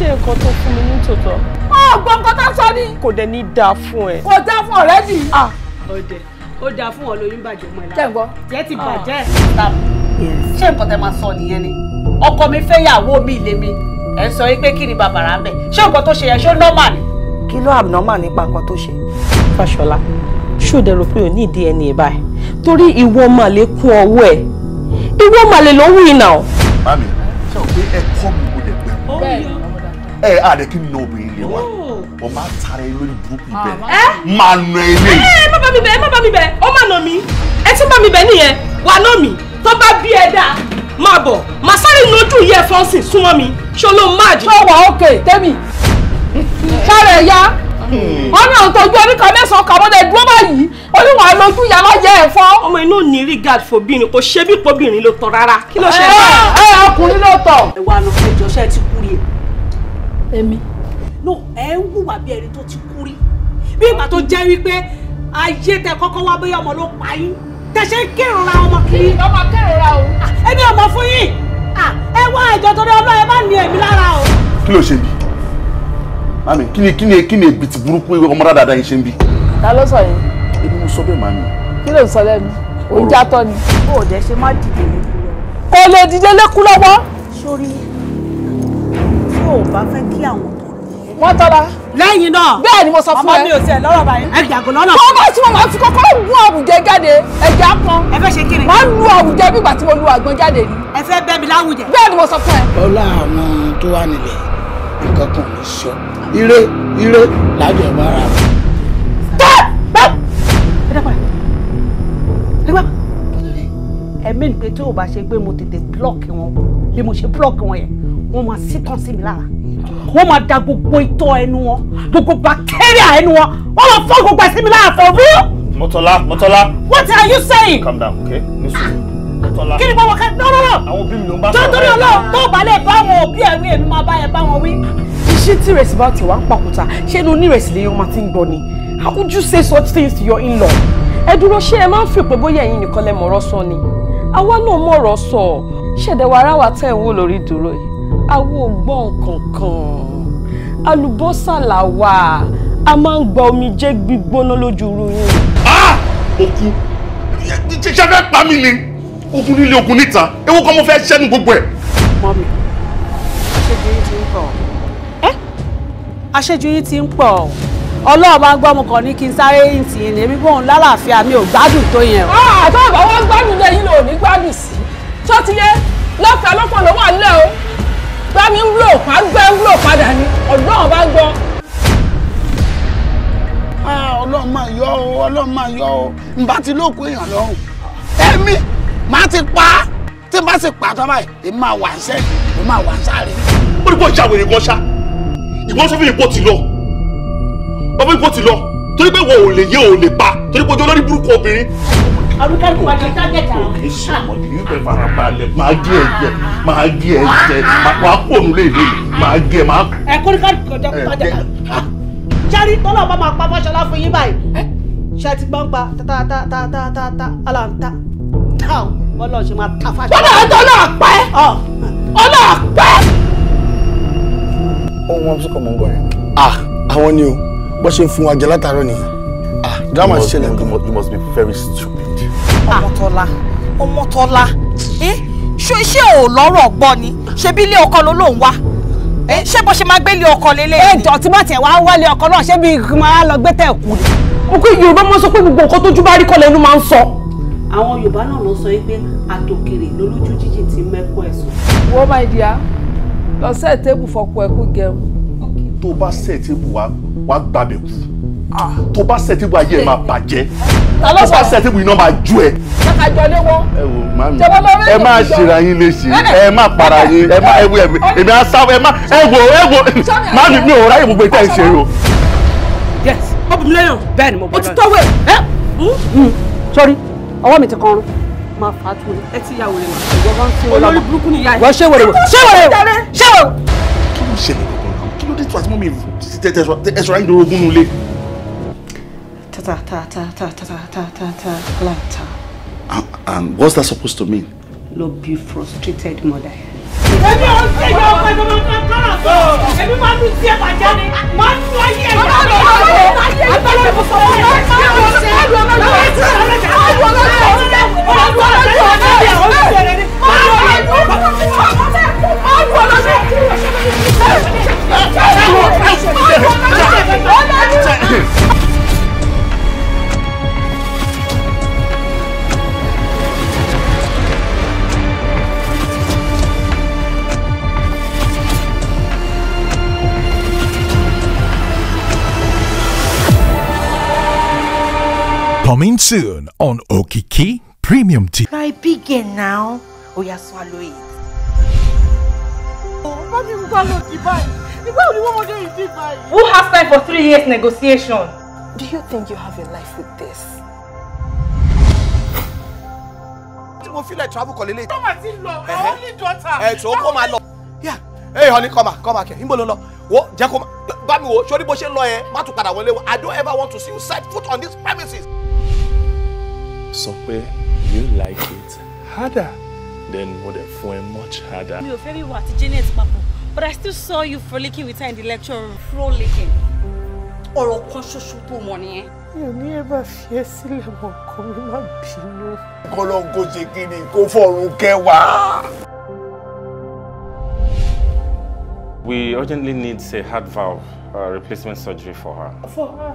ṣe nǹkan tó fún mi ní tòótọ́. ó gbọ́ nǹkan tó sọ ni. kò dẹ̀ ní dáa fún ẹ. kò dáa fún ọ̀rẹ́ dì. ọdẹ ah. ó dáa fún ọlọ́yún bàjẹ́ mọ́ ẹ lára. tẹ̀gbọ́ jẹ́ ti ah. bàjẹ́. ṣé nǹkan tẹ máa sọ nìyẹn ni ọkọ mi fẹ́ yàwó mi ilé mi ẹ sọ pé kí ni bàbàrà ń bẹ̀ ṣé nǹkan tó ṣe yẹn ṣó nọ́mà ni. kí ló abnormal nípa nǹkan tó ṣe. Fáṣọlá ṣòdẹ rò pé ò ní ìdí ẹni ìbá ẹ torí ìwọ máa kún ọwọ́ ẹ ìwọ máa lè lọ wí náà. bá mi ṣe pé ẹ kọ́ mi mo lè pẹ́ ẹ àdẹ kí n na obìnrin lè wa o oh. máa tara ẹ lórí burúkú ibẹ ah, máa nà ẹ lé. ẹ má bá mi bẹ ẹ má bá mi bẹ ọ má nà mí ẹ ti bá mi bẹ nìyẹn wà nà mí tó bá bí ẹ dáa máa bọ̀ máa sáré lójú yẹ fọ́nsìn súnmọ́ mi ṣó ló máa jù. ṣọwọ́ òkè tẹ́mi ṣára ẹ̀ yá hmm. ọ̀nà ìtọ́jú oríkà mẹ́sàn-án kà mọ́tẹ́ dúró báyìí olúwa lójú yà má jẹ́ ẹ̀fọ́. ọmọ inú ò ní regard fobìnrin kò ṣe pobìnrin ló tọ rárá kí ló ṣe é. ẹ ẹ ọkùnrin ló tọ. ẹ wà lọ fẹjọ ṣe ti èmi. no ẹ ń wùwà bí ẹni tó ti kú rí bí ìgbà tó jẹ́ wípé ayé tẹ kọ́kọ́ wá bóyá ọmọ ló pa yín tẹ ṣe ń kérora ọmọ kiri. ọmọ kérora o. Ah, èmi ọmọ fún yín ah, ẹ wá ìjọ torí ọlọ́ ẹ bá ní èmi lára o. kí ló ṣe bí mami kí ni kí ni kí ni èbìtì burúkú ọmọ dáadáa yín ṣe ń bí. ta ló sọ yẹn. èmi mo sọ bẹ́ẹ̀ mami. kí ló ń sọ lẹ́nu oúnjẹ atọ́ ni. bó o dẹ ṣe má dìde lé. kò lè dìde lékú lọ́wọ́. sórí ò bá fẹ́ kí àwọn tó wọ́n tọ́ra. lẹ́yìn náà bẹ́ẹ̀ ni mo sọ fún ẹ ọmọ mi ò tiẹ̀ lọ́rọ̀ báyìí. ẹ jàgò lọ́nà. kó bá tí mo máa fi kọ́kọ́ mú àwùjẹ jáde ẹ̀jẹ̀ á pọn. ẹ fẹ́ ṣe kí ni. máa lu àwùjẹ bí ìgbà tí mo lu àgbọn jáde ni. ẹ fẹ́ bẹ́ mi láwùjẹ. bẹ́ẹ̀ ni mo sọ fún ẹ. ọlá àwọn tó wà nílẹ̀ nǹkan kan sọ ire ire lájọ bá ẹ̀mí ni pé tí ò bá ṣe pé mo tètè blọ́ọ̀kì wọn bí mo ṣe blọ́ọ̀kì wọn yẹn wọ́n máa sí tán mi lára wọ́n máa da gbogbo itọ́ ẹnu wọn gbogbo bacteria ẹnu wọn wọ́n máa fọ́ gbogbo ẹ̀sìn mi lára for real. Mọ́tọ́lá Mọ́tọ́lá. What are you saying? calm down okay nisun Mọ́tọ́lá. kí ni mo ká no no no. àwọn òbí mi ló ń bá sọ̀rọ̀. jọ́ńtọ́rí ọlọ́run tó balẹ̀ bá àwọn òbí ẹ̀rí èmi máa bá ẹ bá wọn wí. iṣẹ́ tí ìrẹsì bá ti wá ń pàkúta ṣé inú onírẹsì lèèyàn máa ti ń gbọ́ ni how would you say such things to your in-law? ẹ dúró ṣé ẹ máa ń fi pé bóyá ẹ̀yin nìkan lẹ mọ̀rọ̀ sọ ni àwa náà mọ̀rọ̀ sọ ṣẹ̀dẹ̀ wàrà wa tẹ̀ ń wò lórí dúró yìí awo ò gbọ́n kankan alùbọ́sà là wà a máa ń gba omijé gbígbóná lójú rúyìn. òkú ṣiṣẹ́ fẹ́ pa mí ni ogun nílé ogun níta ewu kan mo fẹ́ ṣẹ́nu gbogbo ẹ̀. mọ́mí aṣẹ́jú yìí ti ń pọ̀ ẹ́ aṣẹ́jú yìí ti ń pọ̀ ọlọ́ọ̀bá gbọ́ mo kàn ní kí n sáré ìtì yẹn lèmi bóun lálàáfíà mi ò gbádùn tó yẹn o. Ah, àtọ́ àbáwọ́ gbádùn lẹ́yìn lòun ní gbádùn sí tó ti yẹ lọ́fẹ̀ẹ́ lọ́pọ̀ lọ́wọ́ àlẹ́ o bá mi ń lò má ń lò padà ni ọlọ́run bá gbọ́. Ah, ọlọ́run máa yọ o ọlọ́run máa yọ o n bá ti lóògùn èèyàn lọ́rùn ẹ̀mí máa ti pa á tí n bá ti pa tọ́ báyìí èmi máa wà ń sẹ́yìn èmi máa wà ń sáré. ó ní kó ìjà wèrè gan ṣá ìwọ sọ fún mi kó ti lọ ọ fún mi kó ti lọ torí pé wọn ò lè yé ò lè pa torí pé ojú olórí burúkú obìnrin àrùkẹ́kù wà ní tágẹ́tà. òkè ṣe ọmọdé yóò fẹ́ fara balẹ̀ máa gé ẹ jẹ máa gé ẹ jẹ wàá kó òun lè lè máa gé ẹ máa. ẹ kó ní káàdì kọjá kó tájà ká. sẹ́rí tọ́lọ̀ bá máa pa fọ́ṣọlá fún yín báyìí ṣe ti gbọ́n pa ta ta ta ta ta ah àwọn ni o bó ṣe ń fún wa jẹ látàárọ̀ nìyẹn ah drama ṣẹlẹ̀. you must be very stupid ọmọtọ́lá ọmọtọ́lá ṣé ṣé ò lọ́rọ̀ gbọ́ ni ṣe bí ilé ọkọ ló lòún wá ṣé bó ṣe máa gbé ilé ọkọ lélẹ̀. ẹ jọ tí bá tiẹ̀ wá wálé ọkọ náà ṣé bí máa lọ gbé tẹ̀ kú. mo pé yorùbá máa sọ pé gbogbo nǹkan tójú bá rí kọ́ lẹ́nu máa ń sọ. àwọn yorùbá náà ló sọ pé àtòkèrè lolójú jíjìn ti mẹ́kọ ẹ̀sùn. wo my dear lọ sẹ́ẹ̀ tébù fọpọ̀ ẹ̀kú gẹrun. tó o bá sẹ́ẹ̀ tébù wá gbàbẹ̀ kú tó bá sẹ́tìbù ayé ẹ̀ máa bàjẹ́ tó bá sẹ́tìbù iná máa jó ẹ. ẹ wò mami ẹ má ṣera yín léṣe ẹ má para yín ẹ má ẹ wò èmi á sáwọ ẹ má ẹ wò ẹ wò mami mi ò ráyè gbogbo ìtẹ́ ìṣe o. yes ọbùnmílẹ́yàn bẹ́ẹ̀ ni mo bá dá o ti tọ́wé ẹ. Hm? Hm. sori ọwọ́ mi ti kọrun máa fà á tu ẹ ti yà wèrè wa olórí burúkú ni ìyá ẹ. wọ́n ṣé wèrè wò ṣé wèrè wò ṣé wèrè wò. kí ló ṣẹlẹ̀ gbọ̀ngàn kí ló dé tó àti mú mi ẹ̀ṣọ́ra yín lórí ogún nulẹ̀ ta ta ta ta ta ta ta ta ta like ta. And what's that supposed to mean? Lo be frustrated mother. Èmi ò sí ìyá ọkọ ìjọba ọkọ kọ́ra sọ. Èmi máa ń ti ẹ̀ bàjẹ́ ni. Máa ń tún ayé ẹ̀ yá. Ọlọ́run ọ̀rọ̀ ayé ẹ̀ bá lọ́wọ́ sọ wọ́n. Ọlọ́run ọ̀rọ̀ ayé ẹ̀ bá lọ́wọ́ sọ wọ́n. Ọlọ́run ọ̀rọ̀ ayé ẹ̀ Coming soon on Okiki Premium TV. Try bigger now, or oh, you swallow it. Oh, Who has time for three years negotiation? Do you think you have a life with this? Mo feel like travel Come Tọ́mà ti Lord. My only daughter. Ẹ̀ tó kọ́ Lord. Yeah. Hey honey, come here. come back here. Níbo ló lọ? Wo jẹ́ kó bá mi wo, sori bó ṣe ń I don't ever want to see you set foot on these premises sọ pé you like it harder than mo dẹ̀ fún ẹ much harder. mi ò fẹ́ bí wà àti Janet papọ̀ but I still saw you frolicking with her in the lecture room. frolicking ọ̀rọ̀ kan ṣoṣo tó mọ̀ nìyẹn. mi ò ní ẹ bá fi ẹ sílẹ̀ mọ́ kó mi má bínú. kọ́lọ́ńgò ṣe kí ni kó fọ̀rùn kẹwàá. We urgently need a heart valve uh, replacement surgery for her. For her?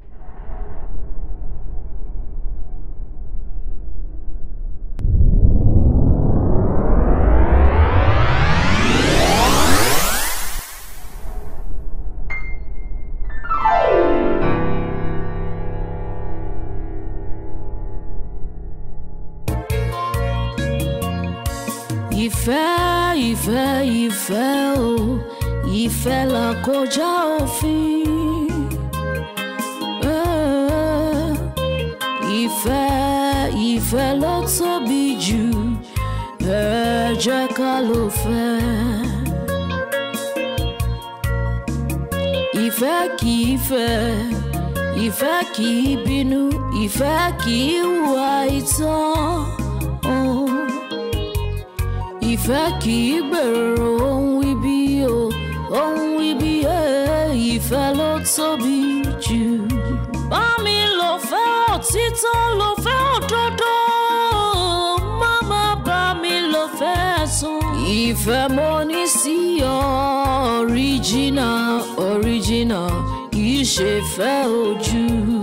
kọjá ofi? Eh, ìfẹ́ ìfẹ́ lotso tóbi jù ẹ ìfẹ́ kì ife ìfẹ́ kì bínú ìfẹ́ kì í wà ìtàn ìfẹ́ kì í gbèrò ohun. fẹ́ ló tóbi jù bá mi lò fẹ́ òtítọ́ lò fẹ́ òdodo má má bá mi lò fẹ́ ẹ̀sùn ìfẹ́ mo ní sí ọ original original kì í ṣe fẹ́ ojú.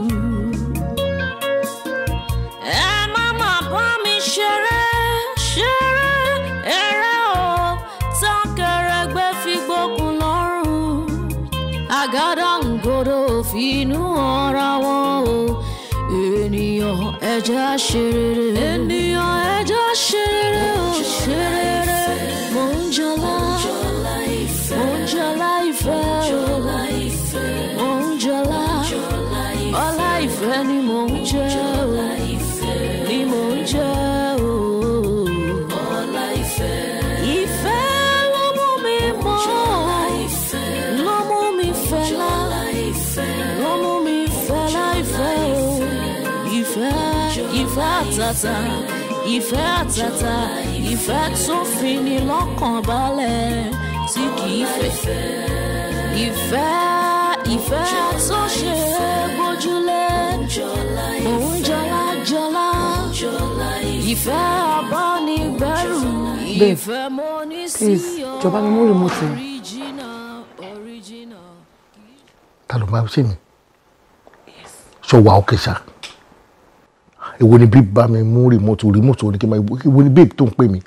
ẹja ṣerere. ènìyàn ẹja ṣerere ò ṣerere. mo ń jọlá mo ń jọlá ìfẹ́ o. mo ń jọlá ọlá ni mo ń àtàtà ìfẹ́ àtàtà ìfẹ́ tó fi ni lọ́kàn balẹ̀ tí kìí fẹ́ ìfẹ́ ìfẹ́ tó ṣe é gbójúlé òun jọlá jọlá ìfẹ́ abánigbẹ́rù ìfẹ́ mo ní sí ọ original original. ta ló máa ń ṣe mí sọ wà ó kẹsà. Okay, èwo ni babe bá mi mú rìmọ́tò rìmọ́tò ní kí n máa èwo ni babe tó ń pè mí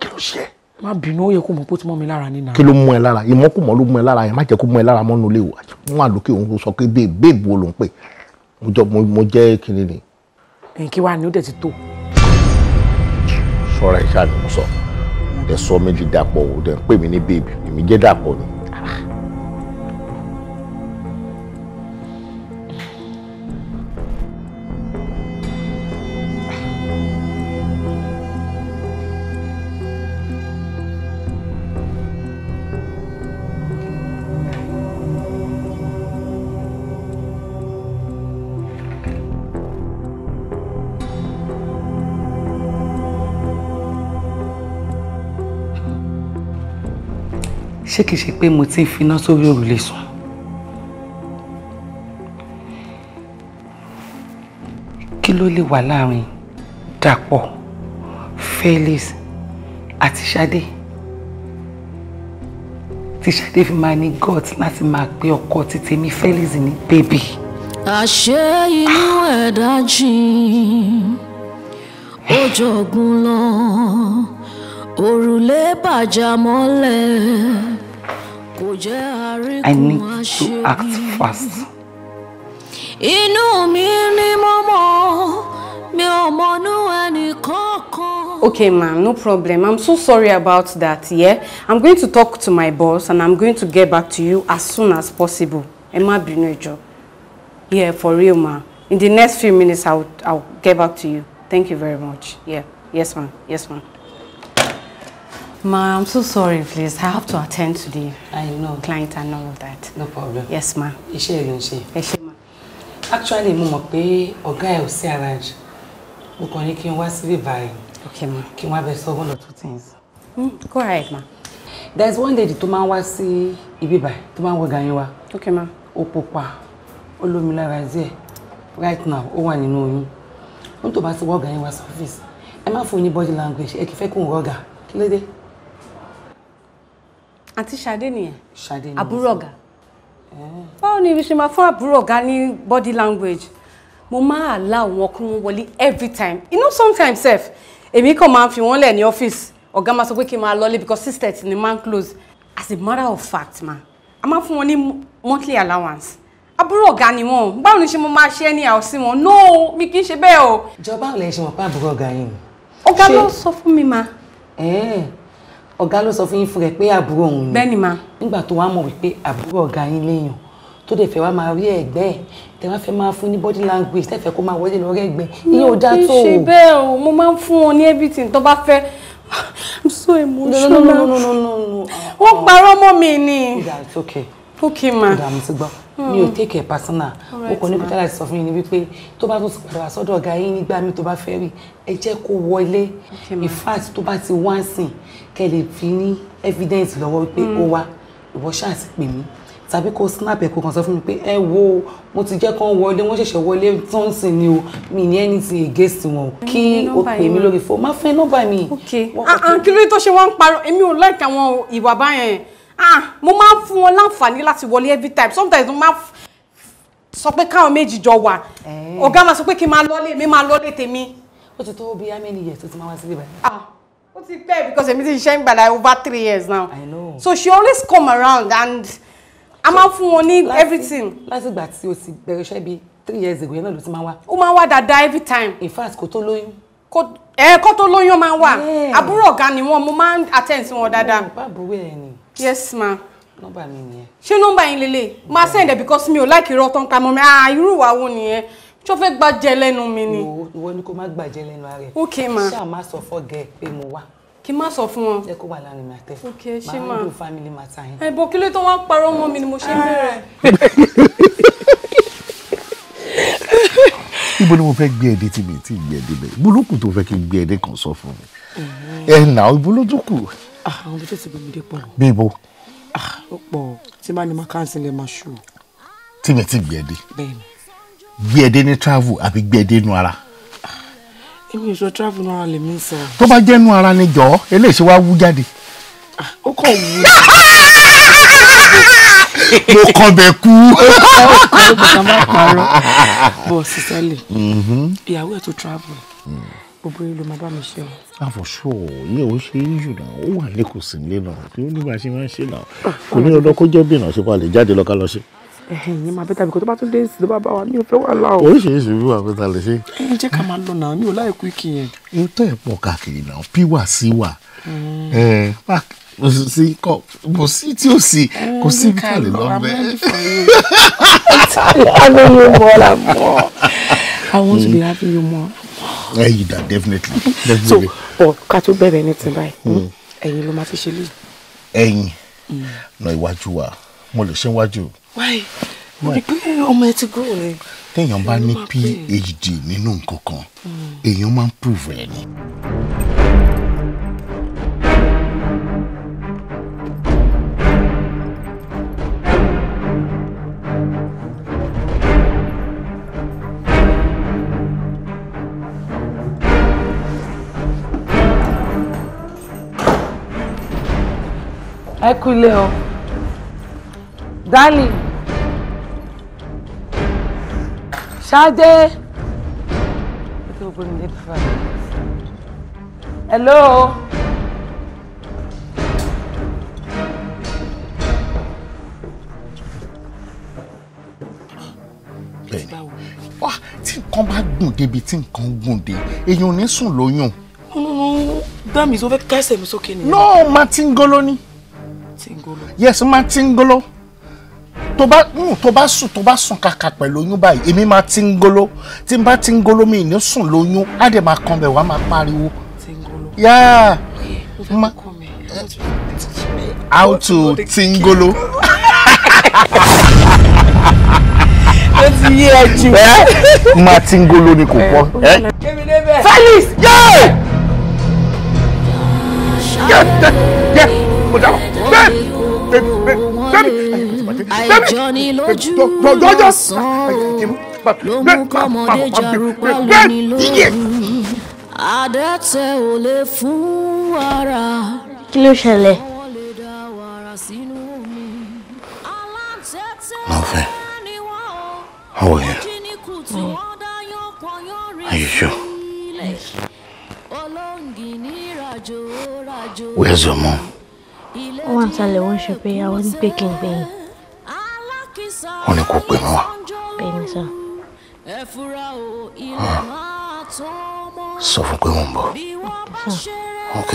kí ló ṣe. má bínú ó yẹ kó mọ pé ó ti mọ́ mi lára nínú. kí ló mú ẹ lára ìmọ̀kùmọ̀ ló mú ẹ lára yẹn má jẹ́ kó mú ẹ lára mọ́nú ilé wa wọ́n á lókè òun sọ pé babe babe wo ló ń pè mo jẹ́ kinní ni. kí wàá ní ó dẹ̀ ti tó. sọ̀rọ̀ ìṣáà ni sọ méjì dàpọ̀ ò dẹ̀ ń pè mí ní babe èmi jẹ́ dàpọ̀ ni. ṣé kìí ṣe pé mo ti ń finá sórí òrùlé sùn. kí ló lè wà láàrin Dàpọ̀ Felix àti Ṣadé tí Ṣadé fi máa ní gut láti máa pe ọkọ ti tèmi Felix ní bébì. àṣé inú ẹ̀dá jìn ó lọ òrùlé bàjá mọ́lẹ̀. I need to act fast. Inú mi ni mo mi ò mọ̀nú Okay, ma'am, no problem. I'm so sorry about that, yeah? I'm going to talk to my boss and I'm going to get back to you as soon as possible. Emma má Yeah, for real, ma'am. In the next few minutes, I'll, I'll get back to you. Thank you very much. Yeah. Yes, ma'am. Yes, ma'am. Ma, I'm so sorry, please. I have to attend to the I uh, know. client and all of that. No problem. Yes, ma. Iṣẹ́ ìlú ń ṣe. Ẹ ṣé, ma. Actually, mo mọ̀ pé ọ̀gá ẹ̀ ò sí arrange. Mo kàn ní kí n wá síbí báyìí. Okay, ma. Kí n wá bẹ one or two things. Mm, go ahead, ma. There's one day to máa ń wá sí ibí báyìí tó máa ń wa. Okay, ma. Ó pupa, ó lómi lára díẹ̀. Right now, ó wà nínú oyún. Ó ń tó bá ti wọ wa sí ọ́fíìsì. Ẹ má fún body language, ẹ kì í fẹ́ kó ń Okay, Kí àǹtí Ṣadé nìyẹn Ṣadé nìyẹn àbúrò ọ̀gá eh. báwo ni ṣe máa fún àbúrò ọ̀gá ní body language mo máa àlá wọn kí wọ́n wọlé every time you know sometimes sef èmi kàn máa fi wọ́n lẹ̀ ní ọ́fíìsì ọ̀gá máa sọ pé kí n máa lọlé because six thirty ni máa ń close as a matter of fact ma a máa fún wọn ní monthly allowance àbúrò ọ̀gá ni wọn báwo ni ṣe mo máa ṣe ẹni àwòsí wọn no mi kì í ṣe bẹ́ẹ̀ o. ìjọba ò lè ṣe wọn pa àbúrò ọ̀gá yìí. ọ̀gá ló sọ fún mi ma. Eh ọ̀gá ló sọ fún yín fún rẹ̀ pé àbúrò òun ni bẹ́ẹ̀ ni ma nígbà tó wá mọ̀ wípé àbúrò ọ̀gá yín léèyàn tó dẹ̀ fẹ́ wá máa rí ẹ̀gbẹ́ ẹ̀ tẹ́ wá fẹ́ máa fún ní body language tẹ́ fẹ́ kó máa wọlé lọ́rẹ́ ẹ̀gbẹ́ iye ò dá tó o. ṣe bẹ́ẹ̀ o mo máa ń fún wọn ní everything tó bá fẹ́ i'm so emotional. no no no no no no no. wọ́n parọ́ mọ́ mi ni. it's okay okay ma ìdààmú sí gbọ́ mi ò take it personal mo kàn ní pété láti sọ fún yín ni wípé tó bá tún ti padà wá sọ́dọ̀ ọ̀gá yín nígbà mi tó bá fẹ́ rí ẹ jẹ́ kó wọlé in fact tó bá ti wá sìn kẹ́ lè fi ní evidence lọ́wọ́ wípé ó hmm. wá ìwọ ṣáà ti pè mí tàbí kó snap ẹ̀ kó kàn sọ fún mi pé ẹ wo mo ti jẹ́ kán wọlé wọ́n ṣẹ̀ṣẹ̀ wọlé tọ́ǹsì ni o mi ní anything against wọn kí o pè mí lórí fóònù má fẹ́ nọ́mbà mi. ok ah, ah, kí ló dé tó ṣe wọ́n ń parọ́ èmi ò like àwọn ìwà báyẹn ah mo máa ń fún wọn láǹfààní láti wọlé every time sometimes mo máa sọ pé káwọn méjì jọ wà eh. ọ̀gá máa sọ pé kí n máa lọ́lé mi máa lọ́lé tèmi. ó ti tó bí how many years tó ti máa wá sílé báyìí. ah ó ti pẹ́ because èmi ti ṣiṣẹ́ ń gbà over three years now I know. so she always come around and a máa ń fún wọn ní everything. láti ìgbà tí o ti bẹ̀rẹ̀ iṣẹ́ bíi three years ago yẹn náà ló ti máa wá. ó máa ń wá dáadáa every time. in fact kò tó lóyún kó ẹ eh, kó tó lóyún máa ń wà àbúrò ọ̀gá ni wọn mo máa ń attend sí wọn dáadáa. bàbá ni yes ma. nọ́mbà mi nìyẹn. ṣé nọ́mbà yín lélẹ̀ máa send ẹ̀ because mi ò like irọ́ tán ka mọ́ mi ah irú ìwà wo nìyẹn tó fẹ́ gbàjẹ́ lẹ́nu mi ni. ìwọ ni kò má gbàjẹ́ lẹ́nu ara rẹ̀. ok ma. ṣáà má sọ fọ́ gẹ̀ pé mo wá kí má sọ fún wọn. jẹ́ kó wà láàrin mi àtẹ. ok ṣé máa máa ń lo family matter yẹn. ẹ̀bùn kí ló tó wọ́n parọ́ mọ́ mi ni mo ṣe ń bẹ̀rẹ̀. ibo ni mo fẹ́ gbé ẹdẹ tí mi ti gbé ẹdẹ bẹ́ẹ̀ ibo ló kù tó fẹ́ kí n gbé ẹdẹ kan sọ fún mi ẹ̀ nà ibo ló tún kù. Ah, àwọn ibi tó ti gbèmí dé pọ̀. bí ibo. Ah, ó pọ̀ tí máa ní máa káàsì lè máa ṣù. tí mi ti gbé ẹ dé. bẹ́ẹ̀ni. gbé ẹ dé ní travel àbí gbé ẹ dé inú ara. Ah, èmi ìṣó travel náà lèmi ń sọ. tó bá jẹ́ inú ara ni jọ̀ọ́ eléyìí ṣe wá wú jáde. ó kàn wú mo kàn bẹ kú. bọ̀ sísẹ́lẹ̀ mm-hmm. ìyàwó ẹ̀ tó travel mm gbogbo yìí ló máa bá mi ṣe o. ah for sure iye ò ṣe issue náà ó wà lẹ́kọ̀ọ́ sí ilé náà tí ó ní bá a ṣe máa ń ṣe náà kò ní ọdọ kó jẹ́ bí ìrànṣẹ́ pa lè jáde lọ ká lọ ṣe. ẹ̀yin máa bẹ́tà bíkọ́ tó bá tún dé sí ló bá bá wa mi ò fẹ́ wà láò. oríṣiríṣi bí wàá bẹ́tà lè ṣe. ẹ jẹ́ ká máa lọ náà mi ò láì ikì yẹn. n tẹ́ ẹ̀ pọ̀ káàkiri náà pí wà sí wà kò sí tí ó sì kò sí bí kàlè lọ bẹ. I know you more than more. I ẹyìn eh, dà definitely. so ọ ká tó bẹ̀rẹ̀ ní ti báyìí hmm. ẹ̀yìn ló máa fi ṣe léyìí. ẹ̀yìn náà hmm. iwájú wa mo lè ṣe iwájú. wáyé mo rí pé ọmọ ẹ ti grow ni. téèyàn bá ní phd nínú nǹkan kan hmm. èèyàn máa ń prove ẹ ni. ẹ kú ilé o darling Ṣadé hello. wá tí nǹkan bá gùn débi tí nǹkan gùn dé èèyàn ò ní sùn lóyún. dá mi sọ fẹ́ kẹ́sẹ̀ mi sókè nìyẹn. náà martin golo ni yes máa ti ń góló tó bá tó bá sùn tó bá sùn kàkà pẹ̀lú oyún báyìí èmi máa ti ń góló tí n bá ti ń góló mi ní sùn lóyún á dẹ̀ máa kan bẹ̀ wá máa pariwo. yáà how to tingolo. ó ti yé ẹ jù. máa tingolo ni kò pọ̀. felix yóò. yóò tẹ yẹ kó dábàá bẹ́ẹ̀ àìjọ ni lójú lọ́sàn-án ló mú kọ́mọdé jarúpá lóní lóru àdẹ́tẹ̀ ò lè fún wàrà. kí ló ṣẹlẹ̀. Nothing. How are you? Mm. Are you sure? Yes. Where's your mom? wọ́n wà sálẹ̀ wọ́n ṣe pé àwọn ní pé kí n gbé yín. wọ́n ní kò pè mọ́ wa. bẹ́ẹ̀ ni sọ. sọ fún pé mò ń ok.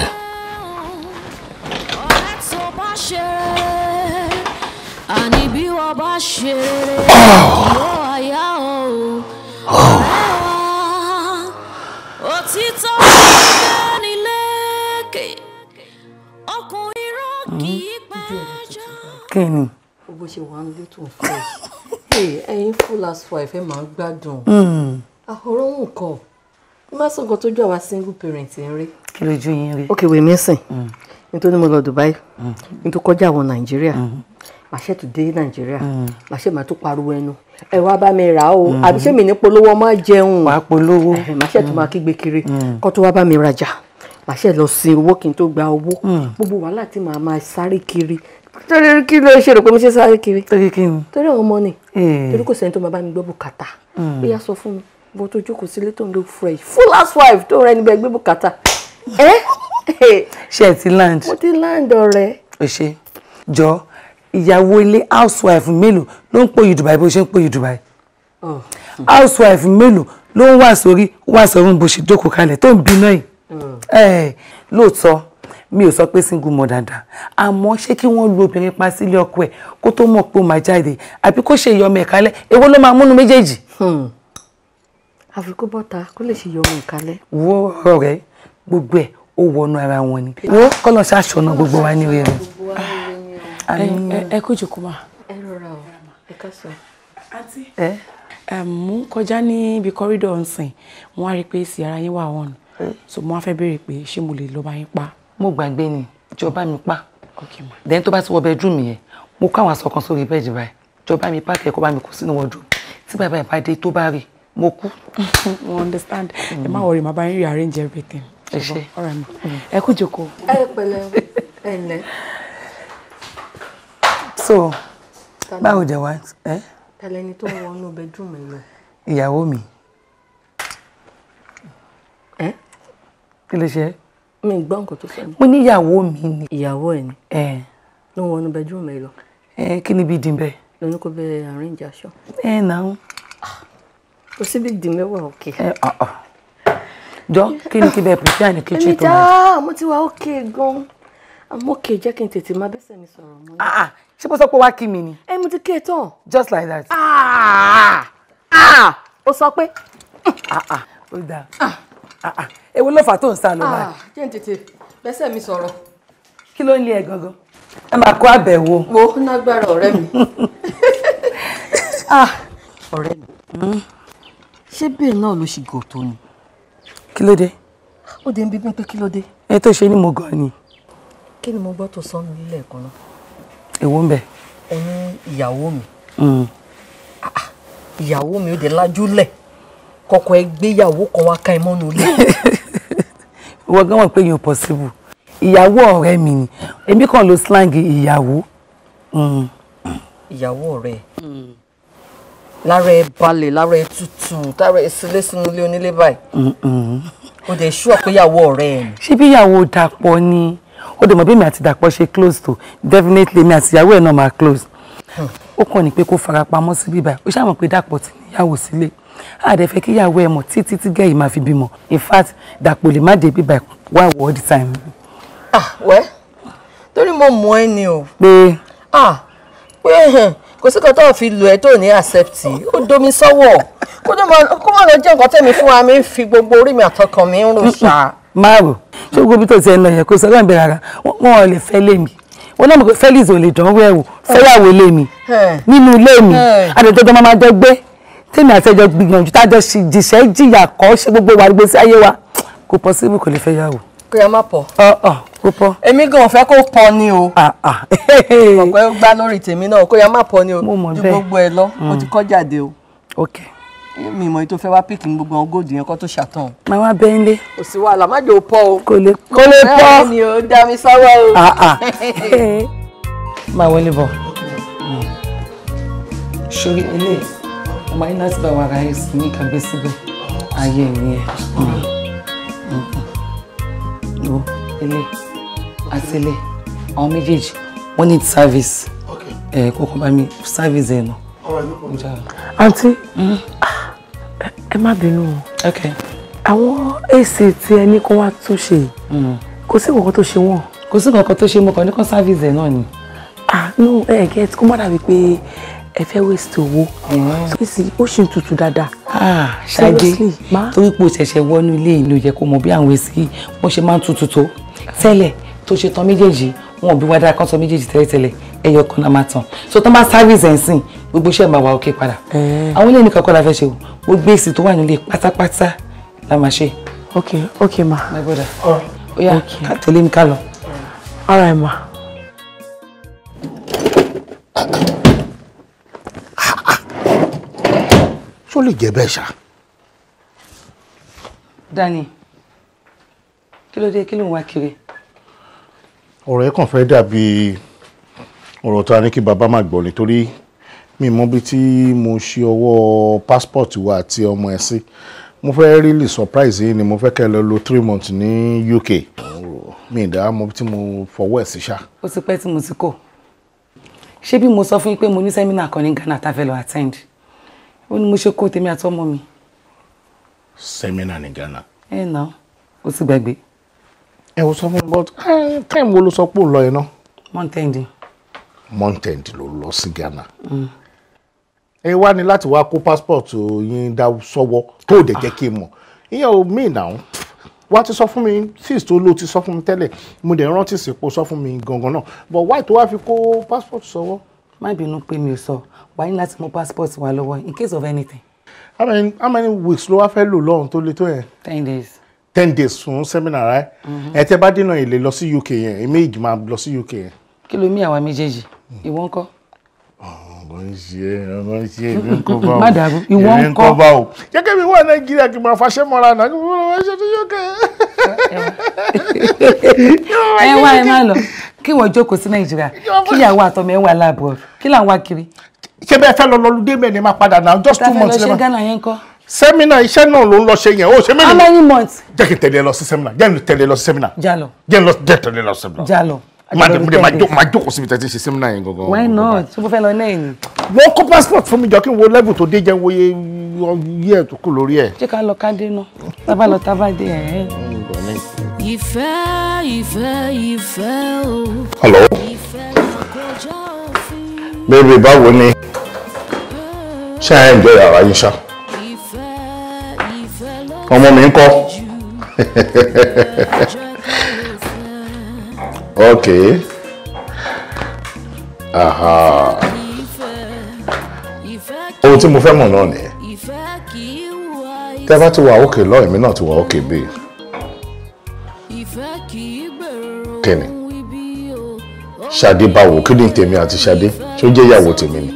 àní bí oh. oh. ní kíni. bó ṣe wà nílé tó ń fẹ́ yìí full as wife ẹ máa ń gbádùn àhọrọ hmm. ah, ń kọ ẹ má sọ nǹkan tó àwa single parent ń rí. kí ló ju yín rí. ok wèé mẹ́sìn hmm. nítorí mo lọ Dubai hmm. nítorí kọjá àwọn Nàìjíríà màṣẹ tó dé nàìjíríà màṣẹ màá tó pariwo ẹnu ẹ wá bá mi rà o àbí ṣé mi ní polówó má jẹun màá polówó màṣẹ tó máa kígbe kiri kó tó wá bá mi rajà màá ṣe lọ sin owó kí n tó gba owó hmm. gbogbo wàhálà tí màá máa sáré kiri torí kí ló ṣe rò pé mo ṣe sáré kiri torí kí ni torí àwọn ọmọ ni eh. torí kò sẹ́ni tó máa bá mi gbọ́ bùkátà bóyá hmm. sọ fún mi bó tó jókòó sílé tó ń lo fresh full housewife tó rẹ níbẹ̀ gbé bùkátà ẹ́ eh? eh. ṣe ti land mo ti land ọ̀rẹ́. o ṣe jọ ìyàwó ilé housewife mélòó ló ń pòyì Dubai bó ṣe ń pòyì Dubai oh. housewife mélòó ló ń wà sórí wà sọ́run bó ṣe jókòó kalẹ̀ tó ń bínú yìí lóòótọ́ mi ò sọ pé single mọ dandan àmọ́ ṣé kí wọ́n lu obìnrin pa sílé ọkọ ẹ̀ kó tó mọ̀ pé ó máa jáde àbí kó ṣe ìyọmọ ẹ̀ kalẹ̀ èwo ló máa múnú méjèèjì. Hmm. àfi kó bọ́ta kó lè ṣe ìyọmọ ẹ̀ kalẹ̀. wo ọ̀rẹ́ gbogbo ẹ̀ ó wọnú ara wọn ni. wo kọ́lọ́ ṣàṣọ̀nà gbogbo wa ní rẹ̀. ẹ kó jòkó ma. ẹ rọra o ẹ ká sọ. àǹtí. ẹ mú kọjá ní ibi kọ́rídọ̀ ọ̀sìn wọ́n á rí i pé sì ara yín wà wọ́n ni so mo wá fẹ́ béèrè pé ṣé mo lè lọ bá yín pa. mo gbàgbé ni jọba mi pa then tó bá ti wọ bedroom yẹn mo kó àwọn aṣọ kan sórí bẹ́ẹ̀dì báyìí jọba mi pàkì ẹ̀kọ́ bá mi kó sínú wardrobe tí bàbá ẹ̀ bá dé tó bá rí mo kú. mo understand ẹ má worry ma. bá yín rearrange everything. ẹ ṣe ma. kú jókòó. ẹ pẹ̀lẹ́ ẹ ǹlẹ́. so báwo jẹ wá. ẹ tẹlẹ ni tó ń wọnú bedroom mi lọ. ìyàwó mi. kí ló ṣe. mi gbọ́ nǹkan tó sọ. mo ní ìyàwó mi ni. ìyàwó ẹ ni. ẹ ló ń wọnú bedroom ẹ lọ. ẹ kí ni bíi dìbẹ. lóní kò bẹ àárín ìjà aṣọ. ẹ náà. kò sí bíi dìbẹ wà òkè. ẹ ọ̀ jọ kí ni kí bẹ prepare ní kitchen tó máa. èmi dáa mo ti wà òkè gan-an àmọ́ kì í jẹ́ kí n tètè máa bẹ́sẹ̀ mi sọ̀rọ̀ mọ́. Ah, ah. ṣé mo sọ pé wá kí mi ni. ẹ mo ti kí ẹ tán. just like that. Ah! ó sọ pé. ó dáa èwo ah, ah. ló fà tó ń sá lọ báyìí. Ah, jẹ́ n tètè bẹ́sẹ̀ mi sọ̀rọ̀. kí ló ń lé ẹ gangan ẹ máa kó àbẹ̀wò. mo nágbára ọ̀rẹ́ mi. ọ̀rẹ́ mi hmm. ṣé bẹ́ẹ̀ náà ló ṣì gòtò ni. kí ló dé. ó dé ń bí pé kí ló dé. ẹ tó ṣe ni mo gan ni. kí ni mo gbọ́ tó sọ nílẹ̀ kan náà. èwo ń bẹ. ẹ̀yin ìyàwó mi. Hmm. ìyàwó mi ó dé lájú lẹ̀ kọkọ ẹ gbéyàwó kan wá ká ẹ mọ́nu ilé. ìwọ gan mọ̀ pé yóò possible ìyàwó ọ̀rẹ́ mi ni èmi kàn lo slang ìyàwó. Mm. ìyàwó ọ̀rẹ́ lára ẹ balẹ̀ lára ẹ tutù tára ẹ sílé sínú ilé onílé báyìí. o dẹ̀ ṣú àpéyàwó ọ̀rẹ́ ẹ. ṣé bí ìyàwó dàpọ̀ ni o dẹ̀ mọ̀ bí mi àti dàpọ̀ ṣe close to definitely mi àti ìyàwó ẹ̀ náà máa close. Hmm. ó kàn ní pé kó farapamọ́ sí bíbá ó ṣàmọ̀ pé dàpọ̀ ti níyàwó sílé àdẹ̀fẹ́ kíyàwó ẹ̀ mọ̀ títí tí gẹ̀yìn máa fi bímọ in fact dàpọ̀ lè má dé bíbá wà wọ́ all the time. ah wẹ́ torí mo mọ ẹ ni o. pé ah pé eh, kò sí kan tó fi lò ẹ tó ní accept ó domi sọ́wọ́ kó má lọ jẹ́ nǹkan tẹ̀mí fún wa mi ń fi gbogbo orí mi àtọkàn mi ń rò ṣáá. máa rò ṣé gbogbo tó ti ẹ lọ yẹn kó sọ́dọ̀ ìbẹ̀rẹ̀ ara wọn ò lè fẹ́ lé mi wọn náà mọ̀ pé Felix ò lè dánwó ẹ̀wò fẹ́yàwó lé mi eh. nínú ilé mi àdèjọ́jọ́ eh. máa máa jẹ́ tèmi àtẹjọ gbìyànjú tájọ jìṣẹ́ jìyà kọ́ ṣe gbogbo wa gbèsè ayé wa kò pọ̀ síbù kò lè fẹ́ yàwó. kò yẹ má pọ̀. ọ ọ kò pọ̀. èmi gan fẹ́ kó pọ̀ ni o. ọ̀pẹ́ gbá lórí tèmi náà kó yẹ má pọ̀ ni o. mo mọ̀ bẹ́ẹ̀ ju gbogbo ẹ lọ mm. mo ti kọ́ jáde o. ok. mi mọ̀ ètò fẹ́ wá píkì ní gbogbo àwọn góòdù yẹn kó tó ṣàtàn. màá wá bẹ́ẹ̀ ń lé. kò sí wàhálà má jò pọ̀ o. kò lè kò lè pọ̀. bẹ́ẹ̀ ni o dá mi sáwọ́ o. ọmọ yín láti bá wa ra ẹ̀sìn ní ìkàgbé síbẹ̀ ayé mi ẹ̀ mm-hmm. mm-hmm. mm-hmm. wo ilé àti ilé àwọn méjèèjì wọ́n need service eh, kókó bá mi service ẹ̀ nà. àǹtí ẹ má bínú o àwọn ac tí ẹ ní kó wá tún ṣe kò sí kankan tó ṣe wọ́n. kò sí kankan tó ṣe mọ́ kàn ní kan service ẹ̀ náà ni. ah no ẹ gẹ́t kó má dàbí pé ẹ fẹ́ waste owó mm-hmm. fèsì ó ṣì ń tutù dáadáa. Ah, ṣáde torí pé o ṣẹ̀ṣẹ̀ wọnú ilé ìlú yẹ kó mọ bí àwọn èsì wọn ṣe máa ń tutù tó tẹ́lẹ̀ tó ṣe tán méjèèjì wọn ò bí wá dára kán tán méjèèjì tẹ́lẹ̀tẹ́lẹ̀ ẹyọ kan náà máa tàn so tán bá service ẹ̀ ń sìn gbogbo iṣẹ́ máa wà òkè padà eh. àwọn ilé nìkan kọ́ la fẹ́ ṣe o gbogbo èsì tó wà nílé pátápátá la máa ṣe. ok ok ma. my brother ó yá ká tẹ̀lé mi ká all right ma. ṣó lè jẹ́ bẹ́ẹ̀ ṣá. Dani kí ló dé kí ló ń wá kiri. ọ̀rọ̀ yẹn kàn fẹ́ dàbí ọ̀rọ̀ tá a kí bàbá má gbọ́ nítorí mi mọ bí tí mo ṣe ọwọ́ passport wa àti ọmọ ẹ sí mo fẹ́ really surprise yìí ni mo fẹ́ kẹ́ lọ lo three months ní UK mi ìdá mọ bí tí mo fọwọ́ ẹ̀ sí ṣá. ó ti pẹ́ tí mo ti kọ̀ ṣé bí mo sọ fún yín pé mo ní sẹ́mínà kan ní Ghana tá a fẹ́ lọ attend ó ní mo ṣe kó tèmi àti ọmọ mi. sẹ́mínà ní Ghana. ẹ nà ó ti gbàgbé. ẹ ò sọ fún mi but time wo ló sọ pé ò lọ yẹn náà. mọ́ńtẹ́ǹdì. mọ́ńtẹ́ǹdì ló lọ sí Ghana. Mm. ẹ wá ní láti wá kó passport yín dá sọ́wọ́ tó ò dẹ̀ jẹ́ kí n mọ̀ ìyẹn ò mí ìnáwó wá ti sọ fún mi sis tó ló ti sọ fún mi tẹ́lẹ̀ mo dẹ̀ rántí sípò sọ fún mi gangan náà but why tó wá fi kó passport sọ́wọ́. má bínú pé mi ò sọ wàá ní láti mú passport wa lọ́wọ́ in case of anything. how many how many weeks ló wá fẹ́ lò lọ́run tó le tó yẹn. ten days. ten days fún seminar rẹ mm-hmm. ẹ tẹ bá dínà ilé lọ sí UK yẹn èmi èjì máa lọ sí UK yẹn. kí ló mí àwa méjèèjì ìwọ ń kọ́. ọmọ ń ṣe ọmọ ń ṣe èmi ń kó bá o má dàrú ìwọ ń èmi ń kó bá o. jẹ́kẹ́ mi wà Nàìjíríà kì í máa faṣẹ́ mọ́ra náà kí wọ́n ṣe tó UK ẹ wá ẹ má lọ kí wọ́n jókòó sí nàìjíríà kí ìyàwó àtọmọ ẹ wà láàbọ̀ kí là ń wá kiri. ṣé bẹ́ẹ̀ fẹ́ lọ lọ́lùdé mẹ́rin máa padà náà just two months lẹ́mọ̀. sẹ́mínà iṣẹ́ náà ló ń lọ ṣe yẹn ó ṣe mélòó. how many months. jẹ́ kí n tẹ̀lé lọ sí sẹ́mínà jẹ́ kí n tẹ̀lé lọ sí sẹ́mínà. jẹ́ lọ jẹ́ tẹ̀lé lọ sí sẹ́mínà. jà lọ máa jókòó síbi tẹ́tí ṣe sẹ́mi náà yẹn gangan. why not ṣé mo fẹ́ lọ lẹ́yìn. wọ́n kó passport fún mi jọ kí n wo level tó dé jẹ́ wo yé yẹ tó kù lórí ẹ̀. ṣé ká lọ kádé náà hello. baby báwo ni ṣé ẹ ń jẹ yàrá yín ṣá Okay. Aha. Ohun tí mo fẹ́ mọ̀ náà nìyẹn. Tẹ́ bá ti wà òkè lọ, èmi náà ti wà òkè bíi. Kí ni? Ṣadé báwo kí ni tèmi àti Ṣadé? Ṣó jẹ́ ìyàwó tèmi ni?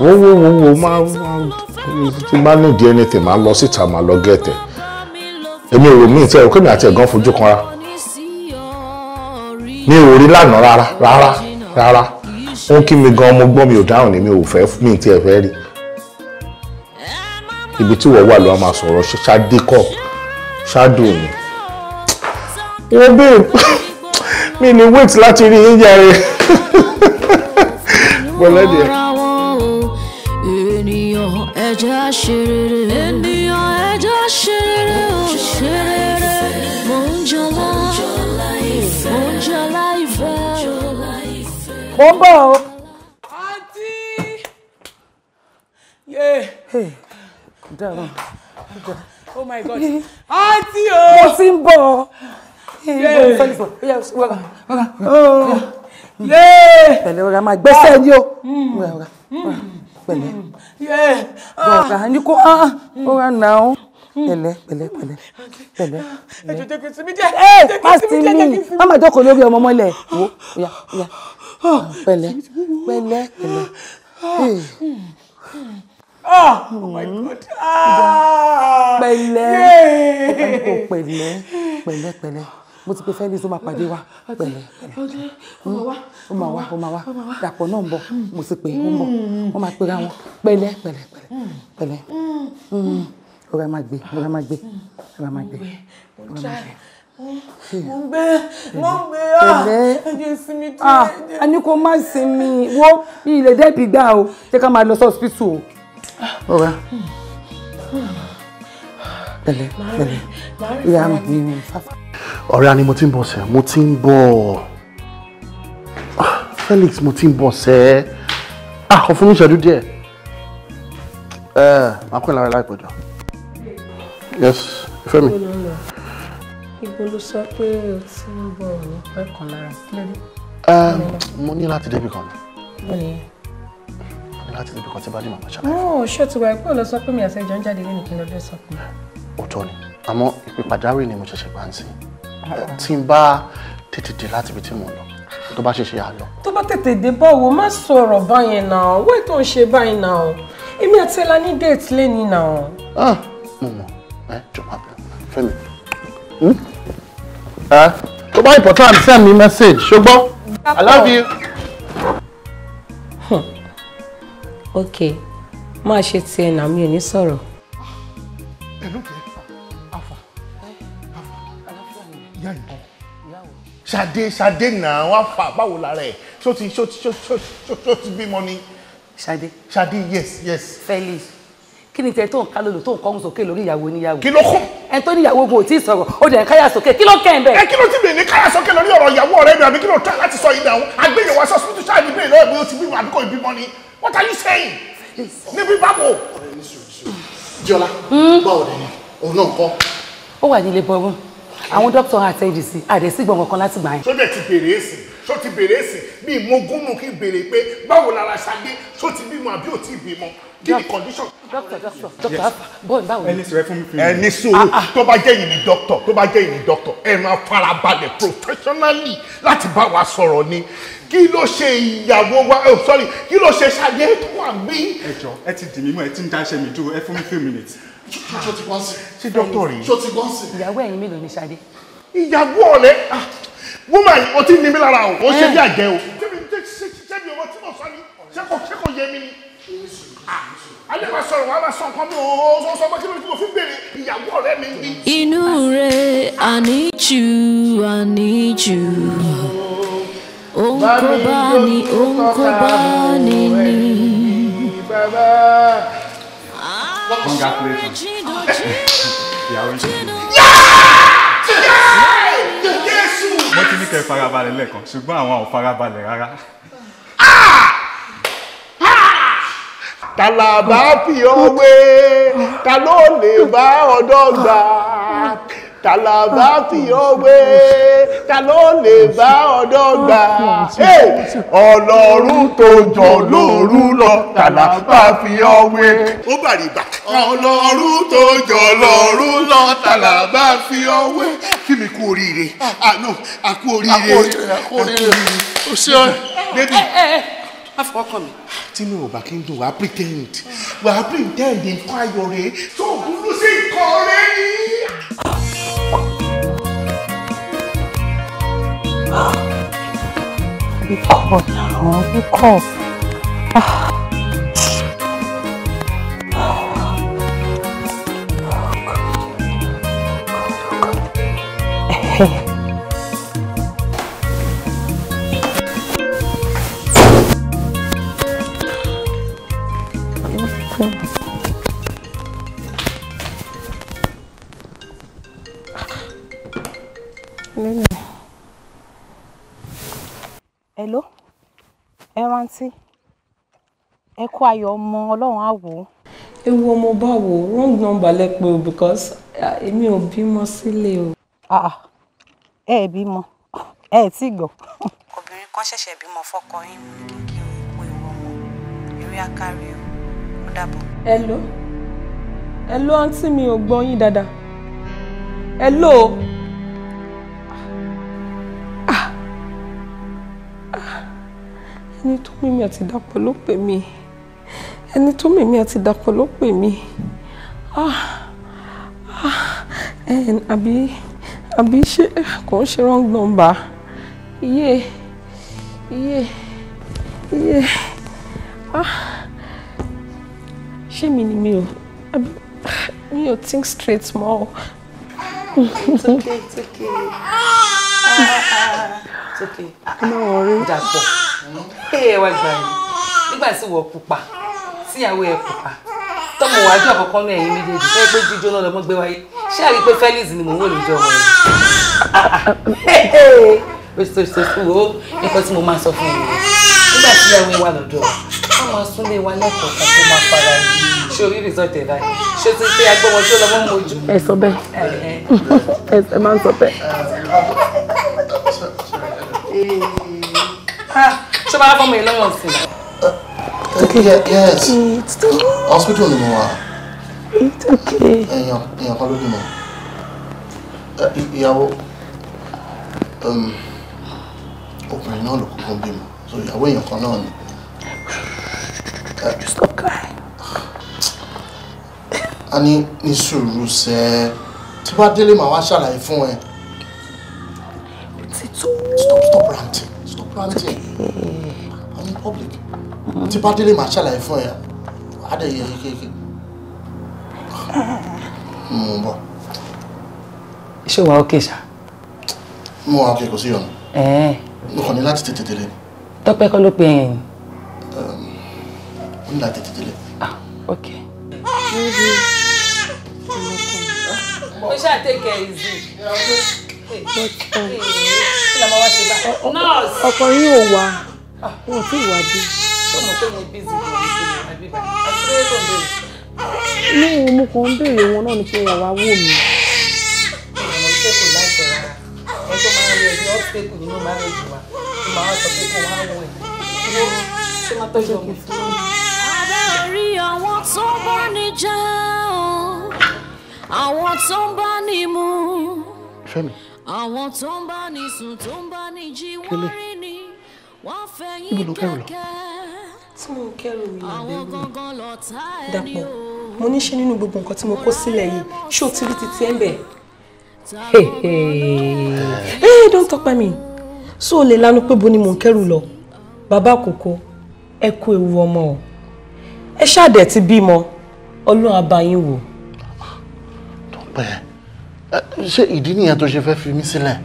Wo wo wo wo máa ti máa ní ìdí ẹni tèmi, máa lọ síta, máa lọ gẹ̀ẹ́tẹ̀. Èmi ò rò mí ìtẹ́ ò kí mi àti ẹ̀gán fojú kanra mi ò rí lánàá rárá rárá rárá ó kí mi gan mo gbọ́ mi ò dáhùn ni mi ò fẹ́ mi ti ẹ̀ fẹ́ rí ibi tí wọ́n wà ló wá máa sọ̀rọ̀ ṣáde kọ́ ṣáàdù mi. wọ́n bèrè mi ni wait láti rí yín yàrá gbọ́lẹ́dì ẹ̀. ènìyàn ẹ̀jẹ̀ àṣírí ènìyàn ẹ̀. mo ń Yeah. Hey. àǹtí yé. dára dára. oh my god àǹtí Oh. mo ti ń bọ̀ o. Oh, oh, oh, pẹ̀lẹ́ ọ̀rẹ́ máa gbẹ́sẹ̀ ni o hmm. Hmm. pẹ̀lẹ́ ah. ọ̀rẹ́ ni kò ah, ah, hmm. ọ̀rẹ́ náà pẹ̀lẹ́ pẹ̀lẹ́ pẹ̀lẹ́ pẹ̀lẹ́. ẹjọ jẹ kí n sinmi jẹ jẹ kí n sinmi Oh. jẹ kí n sinmi. ẹ pásítì mi má má jókòó lórí ọmọ ọmọ ilẹ̀ wo ya ya Ah, ah, pẹ̀lẹ́ pẹ̀lẹ́ pẹ̀lẹ́. Oh, ah. oh my God. Pẹ̀lẹ́ pẹ̀lẹ́ pẹ̀lẹ́ pẹ̀lẹ́ mo ti pe fẹ́ni tó máa pàdé wa pẹ̀lẹ́ pẹ̀lẹ́ hmm. ó máa wá ó máa wá dàpọ̀ náà ń bọ̀ hmm. mo ti pè ó ń bọ̀ hmm. wọ́n máa pera wọn pẹ̀lẹ́ pẹ̀lẹ́ pẹ̀lẹ́ pẹ̀lẹ́ ọ̀rẹ́ máa gbé ọ̀rẹ́ máa gbé ọ̀rẹ́ máa gbé ọ̀rẹ́ máa gbé mo ń bẹ mo ń bẹ ah ẹjẹ ìsinmi tí ah a ní kó má sinmi wo ilé dẹ́bi gbà o ṣé ká máa lọ sí ọsibítù o. ọ̀rẹ́ pẹ̀lẹ́ pẹ̀lẹ́ ìyá mi ọ̀rẹ́ ni mo ti ń bọ̀ sẹ́ mo ti ń bọ̀ ah, Felix mo ti ń bọ̀ sẹ́ ah ọ̀fun mi ṣẹ́dú díẹ̀ ẹ̀ eh, máa kọ́ ìlara láìpẹ́ jọ yes ìfẹ́ mi ibo ló sọ mo ní láti débi kan. láti débi kan tí bá dé màmá ṣàlàyé. mo ṣó ti wá ẹ pé lọ sọ pé mi àti ẹjọ ń jáde lẹ́nu kí n lọ sọ fún òótọ́ ni àmọ́ ìpè ni mo ṣẹ̀ṣẹ̀ gbà ń sìn ah. tí n bá tètè dé láti ibi tí mo lọ tó bá ṣe ṣe àlọ. tó bá tètè dé báwo má sọ̀rọ̀ báyẹn náà wẹ́ẹ̀ tó ń ṣe báyìí náà èmi àti ẹ̀la ní déètì lẹ́ni náà. Ah, mo mọ̀ ẹ jọ̀ọ́ ẹ tó bá important send me message ṣùgbọ́n i love you. Hmm. ok máa ṣe tiẹ̀ náà mi ò ní sọ̀rọ̀. ṣadé ṣadé náà wá fà báwo lára ẹ ṣó ti ṣó ti ṣó ti bímọ ni. ṣadé. ṣadé yes yes. felix kí ni tẹ tó ń ká lòlò tó ń kọ́ ń sókè lórí ìyàwó oníyàwó. kí ló kún. ẹni tó níyàwó ogun ò tí ì sọ̀rọ̀ ó dẹ̀ káyà sókè kí ló kẹ́ ń bẹ̀. ẹ kí ló ti bèèrè káyà sókè lórí ọ̀rọ̀ ìyàwó ọ̀rẹ́ mi àbí kí ló tẹ̀ láti sọ ìdá òun agbẹ́yẹ̀wò aṣọ síbítù ṣáàbí bẹ́ẹ̀ lọ́wọ́ bí ó ti bímọ àbíkọ́ ìbímọ ni What are you saying? níbi báwo. jọlá hmm? báwo ni òun náà kọ́. ó wà nílé bọ́ọ̀rù àwọn dókítà àtẹ̀jì sí àdẹ̀sí gbọ̀ngàn kan láti gbà yín. sódẹ̀ ti bèrè èsì só ti bèrè èsì bíi mo gúnmù kí n bèrè pé báwo lára ṣadé só ti bímọ àbí ò tí ì bímọ give me condition. doctor doctor doctor afa bọ́ọ̀ ní báwo. ẹni sọ̀rọ̀ fún mi fún mi. ẹni sọ̀rọ̀ ah, ah. tó bá jẹ́ yìí ni doctor tó bá jẹ́ yìí ni doctor ẹ máa farabalẹ̀ professionally láti bá wa sọ̀rọ̀ ni kí ló ṣe ìyàwó wa oh sorry kí ló ṣe ṣayé tó wà bí. ẹ jọ ẹ ti dì mí mú ẹ ti ń dáṣẹ mi dúró ẹ fún mi few minutes. ṣó ti gbọ́n sí. ṣé dókítà rí. ṣó ti gbọ́n sí. ìyàwó ẹ̀yin mélòó ni ṣadé. ìyàwó ọ̀rẹ́ ah, woman o ti ní mi lára o o ṣe bí eh. àjẹ́ o. ṣé mi ọmọ tí mo sọ ni ṣé kò yé mi ni alẹ́ inú rẹ I need you I need you òun kò bá ní òun mo ti ní kẹ́ ẹ farabalẹ̀ lẹ́ẹ̀kan ṣùgbọ́n àwọn ò farabalẹ̀ rárá. Tala bá fi ọ wé ta ló lè bá ọ̀dọ́ gbà tàlà bá ah, fi ọ wé ta ló lè bá ọ̀dọ́ ah, gbà ọlọ́run tó jọ lóru lọ tàlà bá fi ọ wé. ó bàrìbà ọlọ́run jọ lóru lọ tàlà bá fi ọ kí mi kú oríire àná ah, àkú oríire àkú oríire àkú oríire. bébì má fọwọ́ kàn mí. tínú ò bá kí n dùn wàá pretend wàá pretend nǹkan ayọ̀ rẹ̀ tó burú sí nǹkan rẹ̀ ni. Bíkọ̀ náà, bíkọ̀. Hey. Ah. àǹtí ẹ kó ayọ̀ ọmọ ọlọ́run á wò ó. ewu ọmọ báwo wrong number lẹ pé o because èmi ò bímọ sílé o. ẹ ẹ bímọ ẹ ẹ tí gbọ́. obìnrin kan ṣẹ̀ṣẹ̀ bímọ fọ́kọ yín mú ní kékeré ipò ìwọ ọmọ eré akárí o ó dàbọ̀. hello hello àǹtí mi ò gbọ́ yín dáadáa hello. ẹni tó mímí àti dàpọ̀ ló pè mí ẹni tó mímí àti dàpọ̀ ló pè mí ah ah àbí àbí ṣé kò ń ṣe wrong number iye iye iye ah ṣé mi ni mi ò àbí mi ò think straight mọ́ o. it's okay it's okay ah, ah, ah it's okay. no worry. dàpọ̀ ẹ wá gbà yín nígbà tí wọ́n pupa tíyàwó ẹ pupa tọmọ wájú àkọ́kọ́ náà ẹ̀yin méjèèjì fẹ́ pé jíjó náà lọ́mọ gbé wáyé ṣé àrí pé Felix ni mò ń wò lójọ́ wọn yìí oṣooṣooṣù wo nǹkan tí mo máa sọ fún yín nígbà tí ìyàwó ẹ wà lọ́dọ̀ wọ́n máa súnlé wa lẹ́kọ̀ọ́ kan tó máa fara yìí ṣé orí rìsọ̀tì ẹ̀ báyìí ṣé ti pé agbọ́mọ tó lọ́mọ mojú. ẹ sọ bẹ́ẹ̀ ẹ máa ń sọ bẹ́ẹ̀ ṣé máa fọmọ yìí lọ́yọ̀ sí. Uh, okay yes hospital ni mo wà. it's okay. èèyàn èèyàn kan ló bímọ uh, ìyàwó um, obìnrin náà ló kọ́kọ́ bímọ so ìyàwó èèyàn kan náà ni. Uh, stop crying. a ní ní sùúrù sẹ́ẹ́ tí bá délé màá wá ṣàlàyé fún ẹ. Stop, stop ranting. Stop ranting ní public tí bá délé màá ṣàlàyé fún ẹ adé yẹ kéèké mo ń bọ̀. iṣẹ́ wa ókè sá. mo wà ókè kò sí ọ̀nà. mo kàn ní láti tètè délé. tọ́pẹ́ kọ́ ló pe ẹ̀yìn. mo ní láti tètè délé. ah ok. mo ṣáà tẹ̀kẹ̀ ẹ̀ ìzì. ọkọ yín ò wá wọn ti wà bí. ọmọ pé mo bí zi kò ní sí mi àbí bá àtúndé tó ń bèrè. ní mo kàn ń béèrè wọn náà ni pé àwa wò mí. àwọn iṣẹ́ kò láìpẹ́ rárá wọn tó máa ń rí ẹbí ọ́sítẹ́kù nínú márùn-ún wa tó máa ń sọ pé kò wá wọ̀ ẹ̀ tó máa tọ́jú ọmọ fún mi. abẹ́ orí àwọn tó bá ní jẹ́ àwọn tó ń bá ní mú. fẹ́mi àwọn tó ń bá ní sùn tó ń bá ní jí wọ́n rí ní níbo ló kẹrù lọ. tí mo kẹrù mi àbẹ̀rù dàpọ̀ mo ní ṣe nínú gbogbo nǹkan tí mo kó sílẹ̀ yìí ṣé o ti rí titi ẹ̀ ń bẹ̀. ee don't talk by me so o lè lanu pé bo ni mò ń kẹrù lọ bàbá kòkó ẹ kú ewu ọmọ o ẹ ṣáàdẹ̀ ti bímọ ọlọ́run abayín wò. tọ́pẹ́ ṣé ìdí nìyẹn tó ṣe fẹ́ fi mí sílẹ̀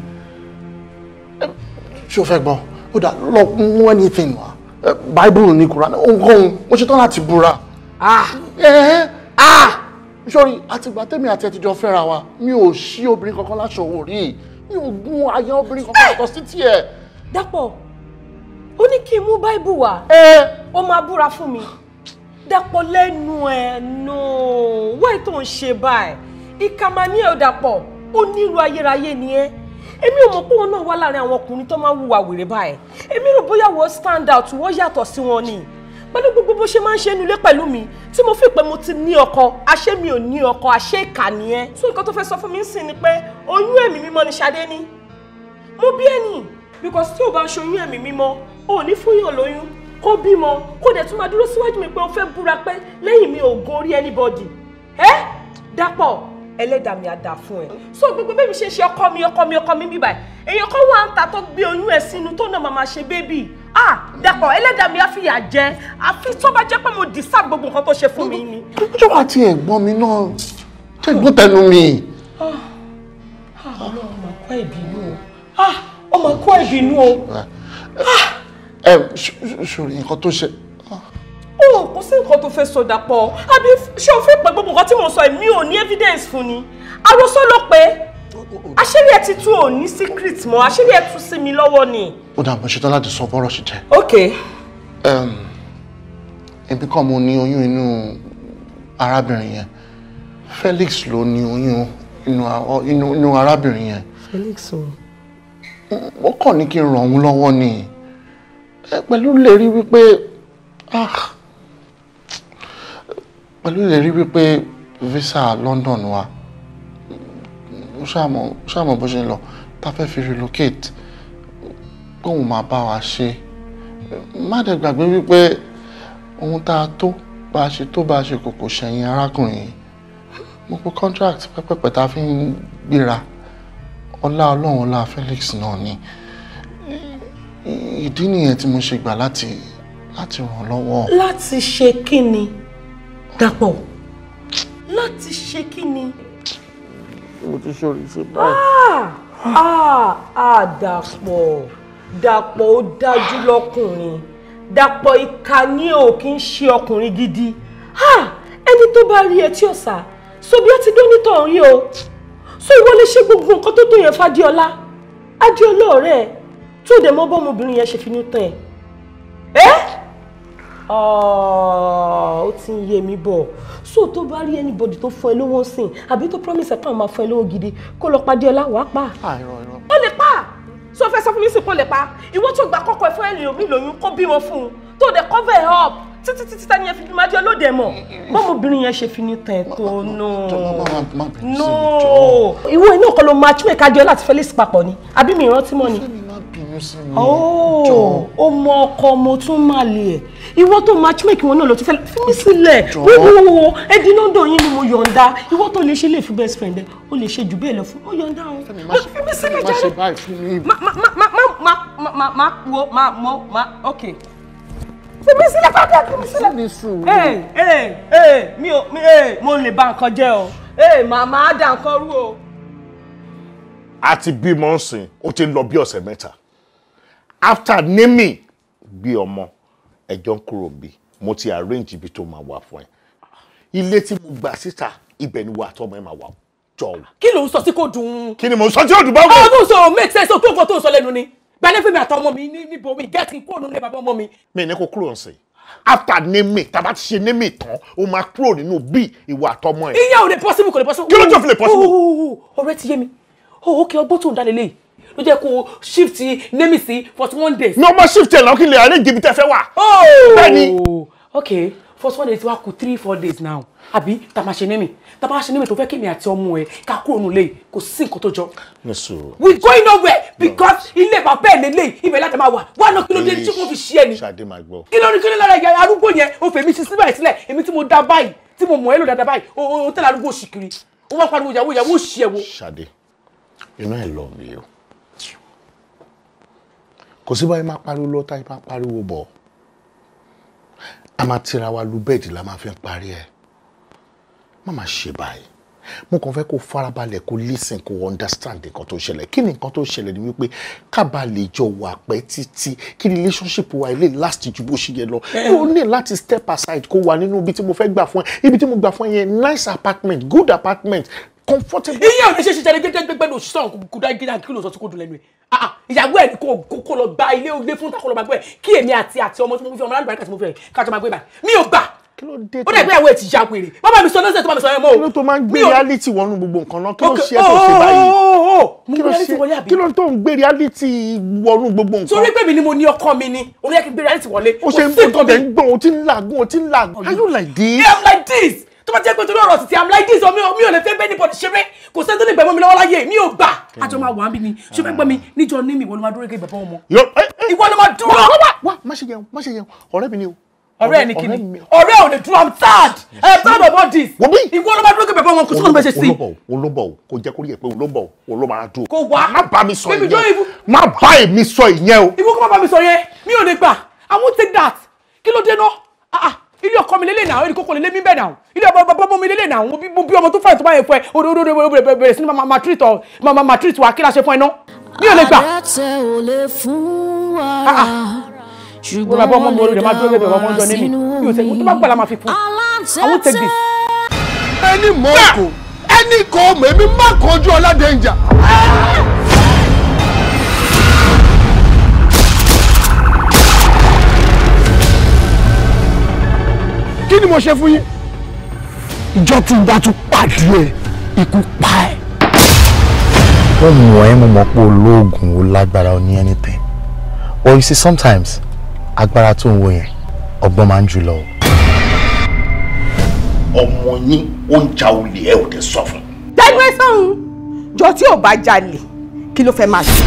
ṣé o fẹ́ gbọ́ ó dà lọ mú anything wá eh, bible ní Quran ohunkóhun mo ṣetán láti búra. Ah. Ah. sori àtìgbà tẹ́mi àti ẹ ti jọ fẹ́ra wa mi ò ṣí obìnrin kankan láṣọ òwò rí mi ò gún aya obìnrin kankan yàtọ̀ sí tiẹ̀. Dàpọ̀ ó ní kí n mú bible wá eh. ó máa búra fún mi Dàpọ̀ lẹ́nu ẹ̀ nù wẹ́ẹ̀ tó ń ṣe báyìí ìkàmà ní ẹ̀ ò Dàpọ̀ ó nílò ayérayé ni ẹ́ èmi ò mọ̀ pé wọn náà wà láàrin àwọn ọkùnrin tó máa ń hùwà wèrè báyìí èmi rò bóyá wọ́n stand out wọ́n yàtọ̀ sí wọn ni pẹ̀lú gbogbo bó ṣe máa ń ṣe nílé pẹ̀lú mi tí mo fi pé mo ti ní ọkọ àṣé mi ò ní ọkọ àṣé ìkà nìyẹn so nǹkan tó fẹ́ sọ fún mi sìn ni pé oyún ẹ̀mí mímọ́ ni Ṣadé ní mo bí ẹni because tí o bá ń ṣoyún ẹ̀mí mímọ́ o ò ní fúnyàn lóyún kó bímọ kó dẹ̀ tún máa dúró síwájú mi pé o fẹ́ búra pé lẹ́yìn mi ò gorí anybody ẹ́ dápọ̀ ẹlẹ́dàá mi á dà fún ẹ so gbogbo bẹ́ẹ̀ mi ṣe ṣe ọkọ mi ọkọ mi ọkọ mi bíbá èèyàn kan wà ń ta tó gbé oyún ẹ sínú tó náà màmá ṣe bébì ah dàpọ̀ ẹlẹ́dàá mi á fìyà jẹ àfi tó bá jẹ́ pé mo dì sá gbogbo nǹkan tó ṣe fún mi ni. ṣé wàá ti ẹ̀gbọ́n mi náà ṣé ìgbọ́n tẹnu mi. Ah, ah, ọlọ́run máa kọ́ ìbínú o ọ máa kọ́ ìbínú o. ẹ ah, eh, eh, ṣòrí nǹkan tó ṣe ó oh, kò sí nǹkan tó fẹ́ sọ dàpọ̀ àbí ṣé o fẹ́ pẹ́ gbogbo nǹkan tí mo sọ èmi ò ní evidence fún ni àròsọ ló pé àṣírí ẹ ti tú ò ní secret mọ́ àṣírí ẹ tú sí mi lọ́wọ́ ni. ó dà bọ́ ṣetán láti sọ bọ́rọ̀ ṣe jẹ́. ok. ẹbí kan mo ní oyún inú arábìnrin yẹn Felix ló ní oyún inú arábìnrin yẹn. Felix o. ó kàn ní kí n ràn òun lọ́wọ́ ni pẹ̀lú lè rí wípé ah pẹ̀lú ìlérí wípé visa London wa ṣàmọ̀ ṣàmọ̀ bó ṣe lọ tá fẹ́ fi relocate kóun máa bá wa ṣe má dẹ̀ gbàgbé wípé ohun tá a tó bá a ṣe tó bá a ṣe kò kò ṣẹ̀yìn arákùnrin mo pe contract pẹ́pẹ́pẹ́ tá a fi ń gbéra ọlá ọlọ́run ọlá Felix náà ni ìdí nìyẹn tí mo ṣe gbà láti láti ràn lọ́wọ́. láti ṣe kí ni. Dàpọ̀ láti ṣe kí ni. mo ti ṣòrí sí báyìí. Ah, ah, ah, Dàpọ̀ Dàpọ̀ ó dájú lọ́kùnrin Dàpọ̀ ìkà ni ò kí ń ṣe ọkùnrin gidi ẹni tó bá rí etí ọ̀sà so bí ó ti dún nítorí rí o so ìwọ lè ṣe gbogbo nǹkan tó tó yẹn fàdíọlá adíọlá ọ̀rẹ́ ẹ̀ tó dẹ̀ mọ́ bọ́mọbìnrin yẹn ṣe fi ní tán ẹ̀ eh? ó ti ń yé mi bọ̀ so tó bá rí anybody tó fún ẹ lówó sìn àbí tó promise ẹ pé àwọn máa fún ẹ lówó gidi kó lọ pàdé ọlá wàá pa. ó lè pa so fẹ́ sọ fún mi sì kó lè pa ìwọ tó gba kọ́kọ́ ẹ fún ẹlòmíì mi lóyún kó bímọ fún un tó dẹ̀ cover ẹ up títí títí tani ẹ fi fi máa jẹ lóde mọ bọ́mọbìnrin yẹn ṣe fi ní tẹ̀ tó nù nù ìwọ ẹ náà kọ́ ló máa túwèé kájọ láti Felix papọ̀ ni àbí mi ìrántí mọ́ ni bínú sí mi. ó ó mọ ọkọ ọmọ tún máa lè ẹ ìwọ tó matchmake wọn náà ló ti fẹ́ fi mí sílẹ̀ wíwúwo ẹdín ló ń dọ̀ yín ni mo yọ̀ǹda ìwọ tó lè ṣe lè fi best friend ẹ ó lè ṣe jù bẹ́ẹ̀ lọ fún ó yọ̀ǹda o fi mí sílẹ̀ jáde má má má má má má wo má mọ má ok fi mí sílẹ̀ pàápàá fi mí sílẹ̀. mi sùn. ee ee ee mi ò mi ee mo lè ba nǹkan jẹ́ o ee màmá dà nǹkan rú o a ti bímọ ń sìn ó ti lọ bí ọ̀sẹ̀ mẹ́ta after naming gbé ọmọ ẹjọ́ ń kúrò bí mo ti arrange ibi tó máa wà fún ẹ ilé tí mo gbà síta ibẹ̀ ni wà tọ́mọ ẹ máa wà jọ. kí ló ń sọ sí kò dùn. kí ni mò ń sọ tí ò dùn báwo. make sense o tó nǹkan tó ń sọ lẹ́nu ni gbẹ́lẹ́fẹ́ mi àtọmọ mi níbo mi gẹ́ẹ̀tì kúrò nílé bàbá ọmọ mi. mi ní kó kúrò ń sìn after nemi tàbá ti ṣe nemi tán o máa kúrò nínú bí ìwà àtọmọ ẹ. ìyá ò lè possible kò lè possible. kí ló jọ fi lè possible. ọ̀rẹ́ ti yé mi ó ó kí ọgbọ́n tó ń dá lélẹ́yìí ló jẹ́ kó shift nemi sí forty one days. No ọmọ shift ẹ̀ lọ́kì lè arrange ibi tẹ́ fẹ́ wà. Oh! bẹ́ẹ̀ni. ok forty one days wa kù three four days now àbí tàmáṣe nemi tàmáṣe nemi tó fẹ́ kémi àti ọmọ ẹ̀ ká kúrò nù lẹ́yìn kò sí nǹkan tó jọ. we going nowhere because ilé bàbá ẹ̀ lélẹ̀ ibẹ̀ láti máa wà wà náà kí ló dé tí kò fi ṣí ẹni kí ló ní kí ló lára ìyá arúgbó yẹn o fèmí sí síbẹ̀ sílẹ̀ èmi tí mo dá báyìí tí mo mọ̀ ẹ́ lò dáadáa báyìí o tẹ̀lé arúgbó òṣìkiri o wá pariwo ìyàwó ìyàwó òṣìyẹ̀wò. Ṣadé you know I love you kò sí báyìí máa pariwo lọ táyì máa pariwo bọ̀ a máa tira wa lu bẹ́ẹ̀dì la máa fi ń parí ẹ̀ má máa ṣe báyìí mo kàn fẹ́ kó farabalẹ̀ kó listen kó understand nǹkan tó ṣẹlẹ̀ kí ni nǹkan tó ṣẹlẹ̀ ni wípé kábà lè jọ wà pẹ́ títí kí ni relationship wa ilé last ju bó ṣe yẹ lọ eh. ó ní láti step aside kó wà nínú ibi tí mo fẹ́ gbà fún ẹ ibi tí mo gbà fún ẹ yẹn nice apartment good apartment comfortable. iye ò ní ṣe ṣiṣẹ́ gbẹ́gbẹ́ gbẹ́gbẹ́ ló sàn kúdá gíga kí ló sọ tí kò dùn lẹ́nu ẹ̀ ah, ah ìyàwó ẹ̀ kò kò lọ gba ilé ogbé fún takò lọ máa gbé ẹ̀ kí èmi àti àti ọmọ tí mo fi ọmọ aláǹdùbáríkà tí mo fi ẹ̀ kájọ máa gbé báyìí mi ò gbà kí ló dé tó ó dàgbé àwọn ètì ìyá péré bàbá mi sọ lọ́sẹ̀ tó bá mi sọ ẹ̀ mọ́ o. kí ló tó máa ń gbé reality wọnú gbogbo nǹkan náà kí ló ṣe é tó ṣe oh, báyìí oh, oh, kí ló tó ń gbé reality wọnú gbogbo nǹkan. torí pé mi ni mo ní ọkọ mi ni o ní yẹ kí n gbé reality wọlé. o ṣe ń gbọ́dọ̀ ń gbọ́n o ti ń làágùn o ti ń làágùn. are you like this. yeah i'm like this tó bá jẹ́ pé torí ọ̀rọ̀ títí i'm like this omi omi ò lè fẹ́ bẹ́ẹ̀ nípa ṣeré kò sẹ́ni tó lè gbẹ̀mọ́ mi lọ́wọ́ láyé mi ò gbà. àjọ máa wà á bí mi ṣé fẹ́ gbọ́ mi níjọ ní mi ìwọ ló máa dúró gẹ́gẹ́ bàbá ọmọ. Eh, eh. ìwọ ló máa dúró. wá wá má ṣe jẹun má ṣe jẹun ọ̀rẹ́ mi ni o. ọ̀rẹ́ ni kini ọ̀rẹ́ ò lè dúró i'm sad i'm eh, sad about this. ìwọ ló máa dúró gẹ́gẹ́ bàbá ọmọ kò sọ́kàn bẹ́ẹ̀ ṣe sí. olóbọ̀ o kò jẹ́ kórìí ẹ̀ pé olóbọ̀ o ló máa dúró. kò wá má bá mi sọ ìyẹn o má bá èmi sọ ìyẹn o. ìwọ kò má bá mi sọ yẹn mi ò lè gbà i won't take that kí ló dé náà ah, ah ilé ọkọ mi lélẹ̀ náà ilé kókó lélẹ̀ mi bẹ̀ náà ilé ọmọ mi lélẹ̀ náà mo bí ọmọ tó fà tó bá yẹ fún ẹ òdòdó bẹ̀rẹ̀ sí ni màmá treat ọ màmá treat wa kí la ṣe fún ẹ náà mi ò lè gbà. àdàtẹ̀ ò lè fún wàrà ṣùgbọ́n ah, ah. wọ́n rà sínú mi ẹni mọ̀ ọ́ kò ah! ẹni kò mọ̀ èmi má kojú ọlá danger. kí ni mo ṣe fún yín ìjọ tí n bá tún pàdé ẹ ikú pa ẹ. wọ́n mú ẹ mú mọ́ pé olóògùn ó lágbára ó ní anything but you see sometimes agbára tó ń wo yẹn ọgbọ́n máa ń jù lọ. ọmọ yín ó ń ja olè ẹ ò dé sọ fún. dájú ẹ sọ̀hún jọ tí ò bá jalè kí ló fẹ́ máa ṣe.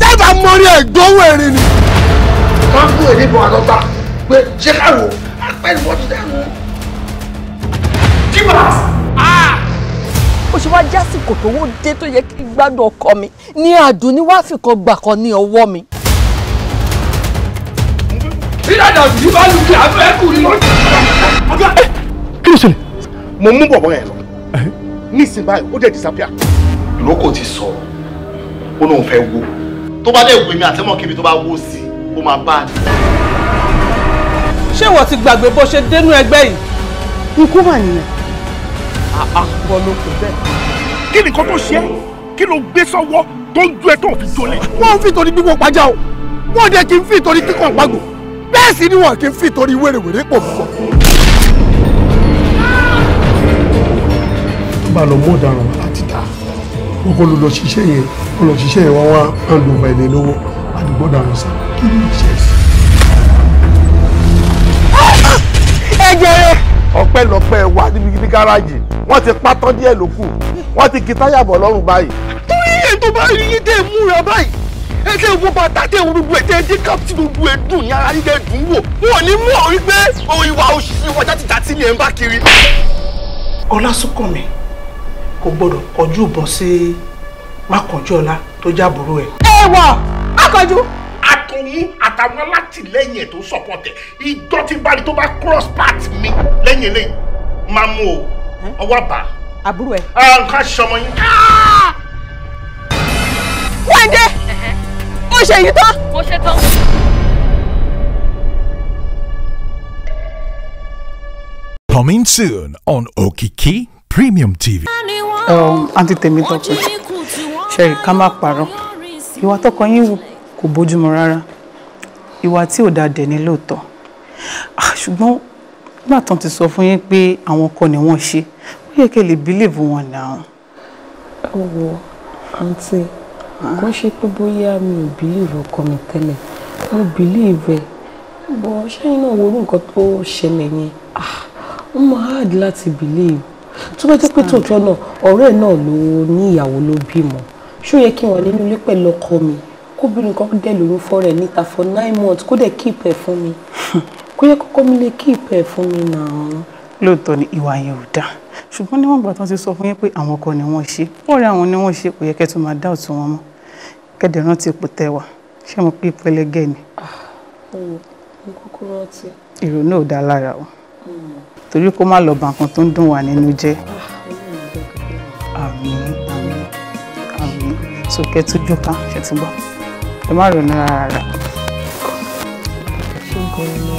dábàá mọ́rí ẹ̀ gbówó èrè ni. máa ń kú èrè bọ̀ àlọ́ta pé ṣé káwọ́ pariwo tó dànù. Jibas! Ah! Ó ṣe wá jásìkò tó wó dé tó yẹ kí gbádùn ọkọ mi ní àdùnní wá fìkan gbà kan ní ọwọ́ mi. Bíládà òjì bá lu kí àbẹ̀ ẹ̀kú ni mo jẹ́. Kí ló ṣẹlẹ̀? Mo mú bọ̀bọ̀ yẹn lọ. Eh? Nísìnyí báyìí ó dẹ̀ disappear. Ìrókò ti sọ̀rọ̀, ó lóun fẹ́ wo. Tó bá dẹ̀ wèmí àtẹ́mọ̀ kíbi tó bá wó sí, ó máa bá a ṣé ìwọ ti gbàgbé bó ṣe dénú ẹgbẹ́ yìí. ikú mà nìyẹn. àpò ló kò bẹ́ẹ̀. kí ni nǹkan tó ṣe é kí ló gbé sọ́wọ́ tó ń ju ẹ tó ń fi jolè. wọ́n ń fi torí gbígbó pàjá o wọ́n dẹ̀ kí n fi torí kíkàn pàgbò bẹ́ẹ̀ sì ni wọ́n kí n fi torí wèrèwèrè pò fún ọ. tó bá lọ mú ọ̀daràn láti ta wọn kò lọ lọ ṣiṣẹ́ yẹn wọn lọ ṣiṣẹ́ yẹn wọn wá ń lo ọba ẹni lọ́wọ́ àdúgbò ọ̀daràn sá kí ni ìṣẹ̀lẹ̀. ọpẹ́lọpẹ́ wà níbi ní gáràjì wọ́n ti pátán díẹ̀ ló kù wọ́n ti kí táyà bọ̀ lọ́rùn báyìí. torí ẹ̀ tó bá rí yín tẹ́ ẹ múra báyìí ẹ tẹ́ ẹ wo bàtà tẹ́ ẹ wo gbogbo ẹ tẹ́ ẹ dé kápítì gbogbo ẹ dùn ní ara yín dùn wò wọn ò ní mú ọ wípé ìwà òṣìṣì wọn jáde jàti ni ẹ ń bá kiri. ọlásùnkànmí kò gbọdọ̀ kọjú ìbọn sí mákànjú ọlá tó jábòrò ẹ. ẹ wọ mákànjú àtòun àtàwọn alátìlẹ́yìn ẹ̀ tó sọ̀pọ̀tẹ̀ ìjọ tí bá tó bá cross path mi lẹ́yìn eléyìí máa mú o ọwọ́ bá. àbúrò ẹ. nǹkan ṣọmọ yín. Ah! wẹ́ndé mo ṣe èyí tán. mo ṣe tán. Coming soon on Okiki Premium TV. Um, Aunty Temi Doctor, Sherry, ká má parọ́. Ìwà tọkọ yín wù kò bójúmu rárá ìwà tí ò dáa dẹ̀ ní lóòótọ́ ah, ṣùgbọ́n nígbà tán ti sọ fún yín pé àwọn kan ni wọ́n ṣe ó yẹ kẹ́ lè bílèbù wọn náà. ẹ wo àǹtí kò ṣe pé bóyá mi ò bílèbù ọkọ mi tẹ́lẹ̀ mo bílèbù ẹ̀ bọ̀ ṣẹ́yìn náà wo nǹkan tó ṣẹlẹ̀ yẹn ah, ó máa hard láti bílèbù tó bá jẹ́ pé tòótọ́ náà ọ̀rẹ́ náà ló ní ìyàwó ló bímọ ṣó yẹ kí n wà nínú ilé pẹ̀lú ọkọ mi kóbìnrin kan dẹ̀ lóyún fọ́ rẹ̀ níta for nine months kó dẹ̀ keep ẹ̀ fún mi kó yẹ kọ́kọ́ mi lè keep ẹ̀ fún mi náà. lóòótọ́ ni ìwà yẹn ò dáa ṣùgbọ́n níwọ̀n ìgbà tó ti sọ fún yín pé àwọn ọkọ ni wọ́n ṣe ọ̀rẹ́ àwọn ni wọ́n ṣe kò yẹ kẹ́ tó máa dá òtún wọn mọ́ kẹ́dẹ̀ rántí ipò tẹwà ṣé mo pé pẹlẹgẹ ni. Ah, ìrònú ò dáa lára o hmm. torí kó má lọ bà nǹkan tó ń dùn wà nínú jẹ́ ah, àmín àmín àmín sókè tó jókòó ṣètìgbọ́ ẹ má ronú rárá. ṣùgbọ́n mo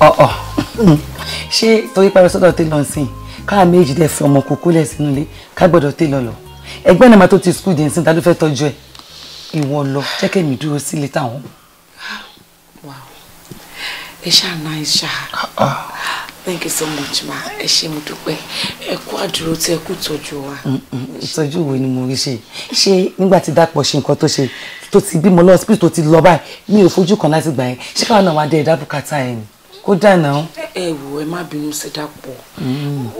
appreciate ṣé torí pariwo sọ́dọ̀ tẹ lọ sí káà méjì dẹ fi ọmọ kúkú lẹ sínú ilé ká gbọ́dọ̀ tẹ lọ lọ ẹgbẹ́ náà máa tó ti skul dé sí ta ló fẹ́ tọ́jú ẹ ìwọ lọ jẹ́ kẹmí dúró sílé táwọn ẹ ṣáà náà ẹ thank you so much ma ẹ ṣé mo dúpẹ́ ẹ kú àdúró tí ẹ kú tọ́jú wa. ìtọ́jú wo ni mo rí ṣe ṣé nígbà tí dàpọ̀ ṣe nǹkan tó ṣe tó ti bímọ lọ hospital tó ti lọ báyìí mi ò fojú kan láti gbà yẹn ṣé káwọn náà wá dé ẹ̀dá bùkátà ẹ̀ ni kó dànà. ẹ wò ẹ má bínú sí dàpọ̀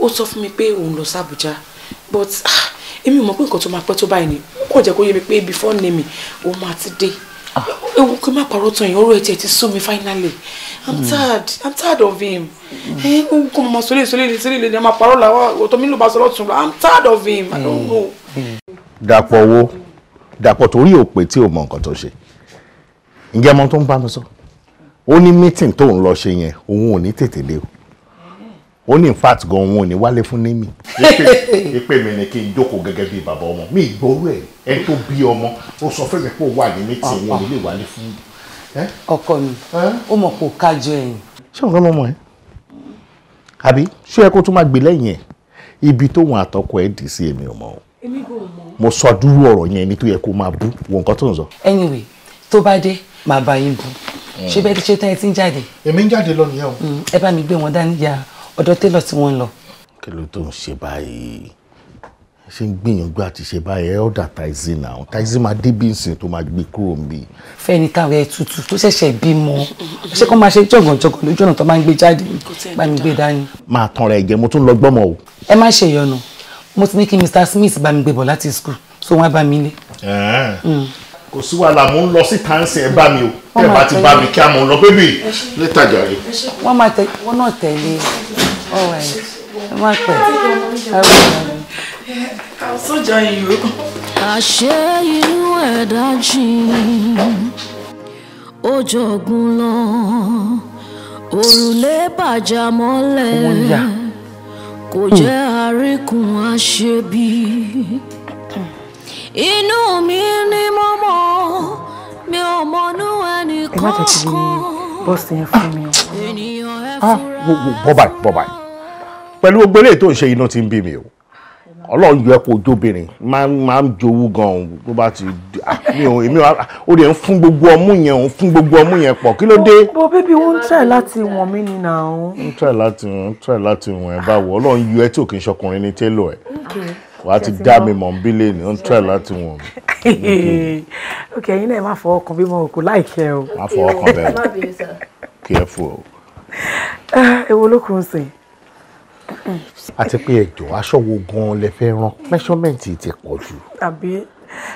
ó sọ fún mi pé òun lọ sí Àbújá but ah, èmi ò mọ̀ pé nǹkan tó máa pẹ́ tó báyìí ni kò jẹ́ kó yé mi pé before name òun máa ti dé ah. ewu kí n má parọ́ tán yìí ọ̀rọ̀ ẹ̀ tiẹ̀ ti sú mi finally i'm tired i'm tired of him ẹ eh, ń kọ́ mọ́ sólè sólè sólè lè máa parọ́ làwọn ọ̀tọ̀ mi i'm tired of him i don't know. dàpọ̀ wo dàpọ̀ torí òpè tí o mọ nǹkan tó ṣe ǹjẹ́ ọmọ tó ń mi sọ ó ní mítìn tó ń lọ ṣe yẹn òun ò ní o ó ní infact gan òun ò ní wálé fún némi. ìpè mi ni kí n jókòó gẹ́gẹ́ bí bàbá ọmọ mi ìgbóró ẹ̀ ẹ tó bí ọmọ ó sọ fún mi pé ó wà ní mítìn òun ò ní lè ọkọ mi ó mọ̀ kó kájọ ẹ̀yìn. ṣé nǹkan mọ̀ mọ̀ ẹ́ àbí ṣé ẹ kó tún máa gbé lẹ́yìn ẹ̀ ibi tóun àtọkọ ẹ̀ dì sí èmi ò mọ̀ o mo sọ dúró ọ̀rọ̀ yẹn ni tó yẹ kó máa bú wo nǹkan tó ń sọ. anyway tó bá dé màá bá yín bú mm. ṣé bẹ́ẹ̀ ti ṣe tán ẹ ti ń jáde. èmi ń jáde lọ nìyẹn o. Mm, ẹ bá mi gbé wọn dání ya ọ̀dọ̀ télọ̀ tí wọ́n lọ. kí ló tó ń ṣe báyìí ṣe ń gbìyànjú àti ṣe báyẹn ọ̀dà taizi náà taizi máa dé bí nsìn tó máa gbé kúrò ń bí. fẹ́ni táwọn ẹ̀ tutù tó ṣẹ̀ṣẹ̀ bímọ ṣé kó máa ṣe jọ̀gànjọ̀gàn lójú ọ̀nà tó máa ń gbé jáde bá mi gbé dání. máa tan ra ẹ̀jẹ̀ mo tún lọ gbọ́mọ o. ẹ má ṣe ìyọnu mo ti ní kí Mr. Smith bá mi gbé bọ̀ láti school so wọ́n á bá mi lé. Mm. kò sí wàhálà mo ń lọ sí tansi ẹ bá mi o ẹ bá ti bá mi kí a mọ̀ lọ Yeah, I'll so join you. with inú ẹ̀dá jìn, ó jọ̀gùn lọ, òrùlé bàjá mọ́lẹ̀, kò jẹ́ àríkùn àṣebí. Inú mi ni mo mọ̀, mi ò mọnú ẹnì kankan. Bọ́sì yẹn fún mi o. Bọ́ báyìí, bọ́ báyìí. Pẹ̀lú gbogbo eléyìí tó ń ṣe iná ti mi o ọlọ́run yọ ẹ kó jóbìnrin máa ń jowú gan-an tó bá ti ah, mi ò èmi ò rẹ̀ ń fún gbogbo ọmú yẹn ò ń fún gbogbo ọmú yẹn pọ̀ kí ló dé. bo bébí wọn ń tẹ̀ láti wọ̀n mí ni nà ó. ń tẹ̀ láti wọ̀n ń tẹ̀ láti wọ̀n ẹ báwo ọlọ́run yọ ẹ tí ò kì í ṣọkùnrin ní télò ẹ wàá ti dá mi mọ̀ bílẹ̀ ni ó ń tẹ̀ láti wọ̀n mi. ok ẹyin náà má fọwọ́ kan bí mo kò láìkẹ́ o. má fọwọ́ kan bẹ́ẹ̀ àti pé ẹjọ aṣọ wo gan-an lẹ fẹ́ rán measurement ti pọ̀ jù. àbí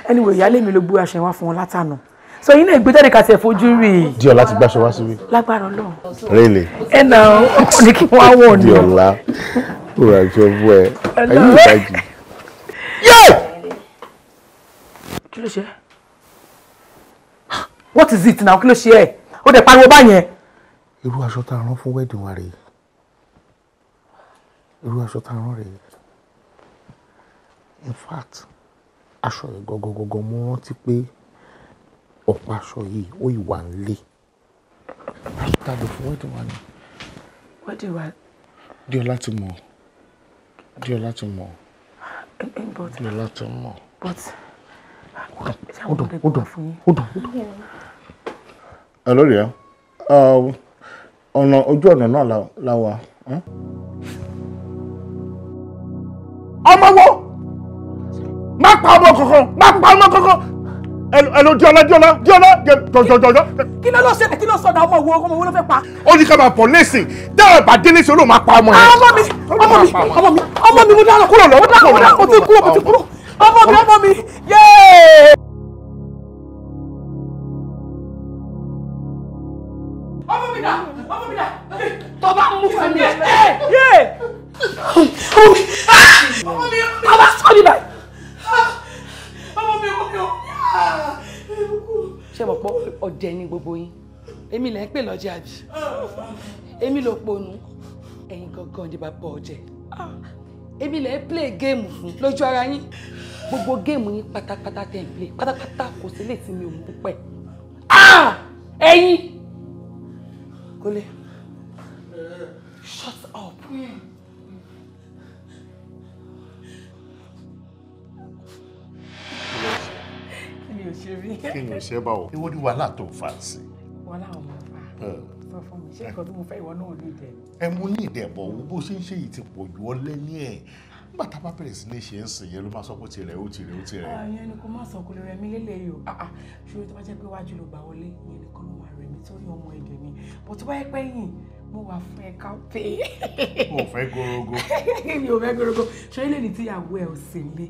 anyway ìyáálé mi ló gbé aṣọ wá fún wọn látànà so yín náà ìgbésẹ̀ kàtì ẹ̀ fojú rí i. di ọ̀la ti gbàṣọ wá síbí. lágbára Ọlọ́run. really. ẹ nà ọkọ ní kí wọn wọ ni. di ọ̀la tó ra jọ bú ẹ ayé ìdájì. kí ló ṣe é what is it now kí ló ṣe é ó dẹ̀ pariwo báyẹn. irú aṣọ tá a rán fún wedding wa rèé irú aṣọ tá a rán rèé in fact aṣọ yìí gangan gangan mo rántí pé ọ̀pá aṣọ yìí ó ìwà ń lé aṣọ tá a lò fún wedding wa ni. wedding wa. Diola ti mọ̀ Diola ti mọ̀ eh, eh, Diola ti mọ̀. but hold on hold on hold on hold on. hello there uh, ọ̀nà ojú ọ̀nà náà la wà. Huh? ọmọ wo má pa ọmọ kankan má pa ọmọ kankan ẹlò diola diola diola jọjọjọjọ. kí ló lọ ṣẹlẹ̀ kí ló sọ̀dọ̀ ọmọ wo ọmọ wo ló fẹ́ pa. ó ní ká máa pọ̀ lẹ́sìn dáhùn ìpàdé lẹ́sìn olóò máa pa ọmọ yẹn. ọmọ mi ọmọ mi ọmọ mi ọmọ mi mo dáná kúrò lọ mo dáná mo dáná mo ti kúrò mo ti kúrò ọmọ mi ọmọ mi yéé. ọmọ mi dà ọmọ mi dà tọ́ba mú fún mi ọmọ mi ọmọ sọ ní báyìí. ọmọ mi ọmọ mi ṣe mọ̀ pọ̀ ọ̀dẹ̀ ni gbogbo yín èmi lẹ́ ń pè lọ́jẹ́ àbí èmi ló ponu ẹ̀yin gangan ni bàbá ọ̀jẹ̀ èmi lẹ́ ń play géèmù fún lójú ara yín gbogbo géèmù yín pátápátá tẹ̀ ń play pátápátá kò sí lè ti mi ò mú pẹ́ ah! ẹ̀yin kò lè shut up. Mm. ò ṣe rí. kí ni ò bá wọ. ìwọ ni wàhálà tó fà á sí. wàhálà ò mọ̀ fà sọ fún mi ṣé nǹkan tí mo fẹ́ ìwọ náà ní ìdẹ. ẹ mú ní ìdẹ̀bọ̀ wo bó ṣe ń ṣe yìí ti pọ̀ jù ọ lẹ́ni ẹ̀ nígbà tá a bá bẹ̀rẹ̀ sí ní ṣe ń sìn yẹn ló máa sọ pé tirẹ̀ ó tirẹ̀ ó tirẹ̀. àyàn ah, ni kò má sọ kò lè rẹmi lélẹ̀ yìí o ah, ah, ṣòro tó bá jẹ́ pé wájú ló gbà wọlé ìyẹn nìkan ló máa rẹmi torí ọmọ ẹ̀dẹ̀ mi bó tó bá yẹ pé yìn mo wà fún ẹ ká pé. mo fẹ́ gorogo. mi ò fẹ́ gorogo ṣọlẹ́ lè ní tíyàwó ẹ̀ ò sì lé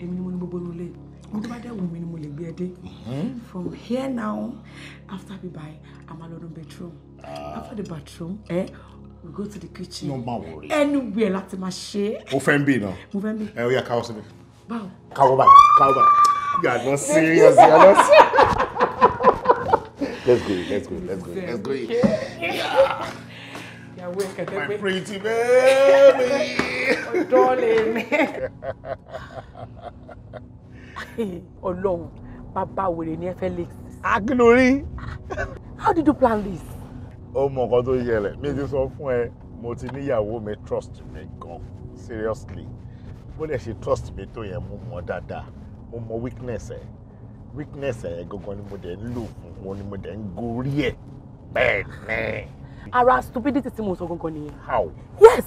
èmi ni mo ní gbogbo nulẹ̀ mo tó bá dẹ̀ wù mí ni mo lè gbé ẹ dé mm-hmm. from here now after we buy a máa lọ bedroom ah. after the bathroom eh, we go to the kitchen no ma worry anywhere láti máa ṣe. o fẹ́ ń bì náà mo fẹ́ ń bì. ẹ o yà káwọ́ síbi. báwo. báyìí káwọ́ báyìí you are not serious you are not serious. let's go let's go let's go let's go. Yeah. My pretty baby. oh, darling. Ọlọ́run bàbá wèrè ni ẹ fẹ́ lè. akínlórí. how did you plan this. ó mọ nǹkan tó yẹlẹ mi ti sọ fún ẹ mo ti níyàwó mi trust mi gan seriously bó lè ṣe trust mi tó yẹn mo mọ dáadáa mo mọ weakness ẹ weakness ẹ gangan ni mo dẹ̀ ń lò fún wọn ni mo dẹ̀ ń gorí ẹ bẹ́ẹ̀ ni. ara stupidity tí mo sọ gangan nìyẹn. how. yes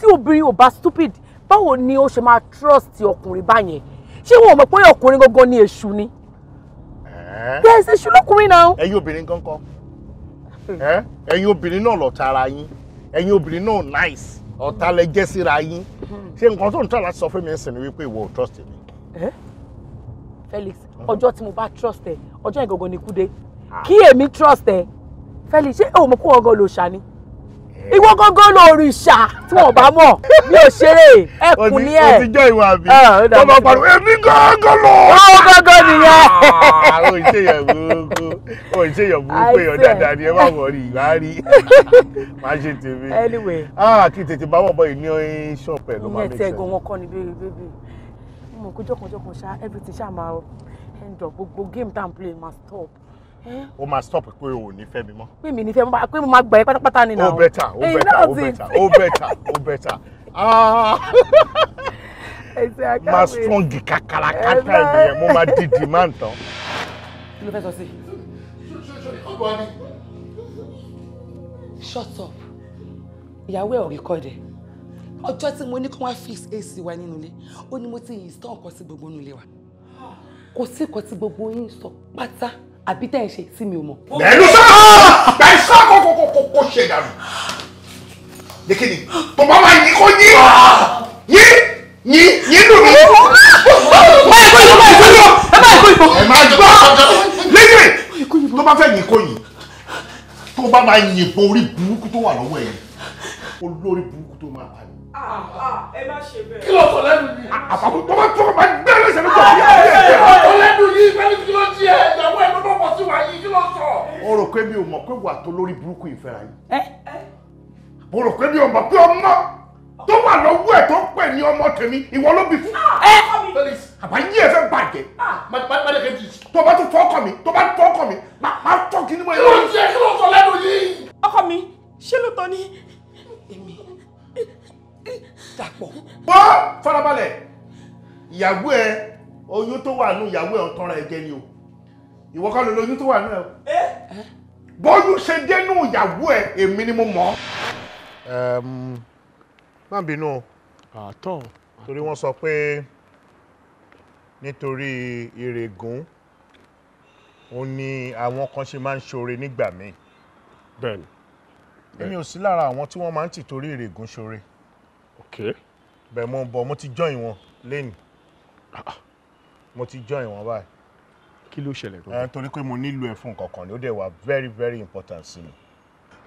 tí obìnrin ò bá stupid báwo ni ó ṣe máa trust ọkùnrin báyẹn ṣé wọn ò mọ̀ pé ọkùnrin gangan ni èṣù ni. bẹ́ẹ̀ ṣe ṣu lọ́kùnrin náà. ẹ̀yin obìnrin kankan ẹ̀yin obìnrin náà lọ tara yín ẹ̀yin obìnrin náà nice ọ̀tá lẹ jẹ́ síra yín ṣé nǹkan tó ń tọ́ láti sọ fún mi ẹ̀sìn ni wípé ìwọ ò trust mi. Felix ọjọ́ tí mo bá trust ẹ ọjọ́ ìgangan ni kúdé ah. kí èmi trust ẹ Felix ṣé òun mọ̀ kó ọgọ́ lò ṣá ìwọ gángan lórí ìṣà tí wọn bá mọ mi ò ṣeré ẹkùn ní ẹ. o ti jẹ́ ìwà mi wọ́n máa pariwo èmi gángan lọ. wọ́n gángan nìyẹn. o ah, ì ṣe yẹ̀ burúkú o ì ṣe yẹ̀ burúkú èèyàn dáadáa ni ẹ má wọ̀ rí ìwà rí má ṣe tèmi. anyway. ah kí tètè bá wọ̀ bọ́ yìí ní ṣọ́ọ̀pù ẹ̀ ló máa mẹ́sẹ̀. ìyẹn tẹ̀gàn wọn kọ́ ni bébí bébí mo mọ̀ pé jọ̀kanjọ̀kan ṣá everything ṣá máa end up gbogbo game tá à ń play máa stop o máa stop pé o ò ní fẹ́ mi mọ́. pé mi ní fẹ́ pé mo máa gbà yín pátápátá ni náà. o bẹ̀tà o bẹ̀tà o bẹ̀tà o bẹ̀tà o bẹ̀tà máa strong kakara kata ẹni yẹn mo máa di demand tán. kí ló fẹ́ sọ sí. shut up ìyàwó ẹ̀ ò rí kọ́ dẹ̀ ọjọ́ tí mo ní kí wọ́n fix AC wa nínú ilé ó ní mo ti install nǹkan sí gbogbo inú ilé wa kò sí nǹkan tí gbogbo yín sọ pátá àbí tẹ́ ẹ ṣe tí mi ò mọ̀. bẹ́ẹ̀ni sọ bẹ́ẹ̀ sọ kókókókó ṣe dànù lékeni tó bá wà yí kó yí yí yí yí dùnú. ẹ má ìkó ìbò ẹ má ìkó ìbò lékeni tó bá fẹ́ yí kó yí tó bá máa yìnbọn orí burúkú tó wà lọ́wọ́ ẹ̀ olórí burúkú tó máa pariwo. Ah, ah, ẹ má ṣe bẹ́ẹ̀. kí ló sọ lẹ́nu yìí. Ah, àpapọ̀ tó bá tó bá gbé lẹ́sẹ̀ ló tọ̀ bí ẹ. kí ló sọ lẹ́nu yìí pẹ̀lú kí ló ti ẹ̀ ìyàwó ẹ̀ lọ́dọ̀ pọ̀ sí wa yìí kí ló sọ. o rò pé mi ò mọ̀ pé wà tó lórí burúkú ìfẹ́ra yìí. Eh? o rò pé mi ò mọ̀ pé ọmọ tó wà lọ́wọ́ ẹ̀ tó ń pè ní ọmọ tèmi ìwọ ló bí fún. Eh? àbáyé ẹ fẹ́ bàjẹ́. tó bá tún fọ́ọ̀kọ̀ mi tó bá tún fọ́ọ̀kọ̀ mi máa tọ́ kí ni mo yẹ. kí ló ń ṣe kí ló sọ lẹ́nu yìí. ọkọ mi ṣé lóòótọ́ ni dàpọ̀. bọ́ farabalẹ̀ ìyàwó ẹ oyún tó wà nù ìyàwó ẹ ọ̀tọ́ra ẹ jẹ ni o ìwọ kọ́ ló lóyún tó wà nù ẹ o bọ́yún ṣe dénú ìyàwó ẹ èmi ni mo mọ̀ ọ́. má bínú àtọ̀ torí wọ́n sọ pé nítorí ìrègùn ó ní àwọn kan ṣe máa ń ṣoore nígbà míì. bẹ́ẹ̀ni èmi ò sí lára àwọn tí wọ́n máa ń tì torí ìrègùn ṣoore okay. bẹ́ẹ̀ mo ń bọ̀ mo ti join wọn lẹ́nu mo ti join wọn báyìí. kí ló ṣẹlẹ̀ tó. ẹ torí pé mo nílò ẹ fún kankan ni ó dẹ̀ wà very very important sí mi.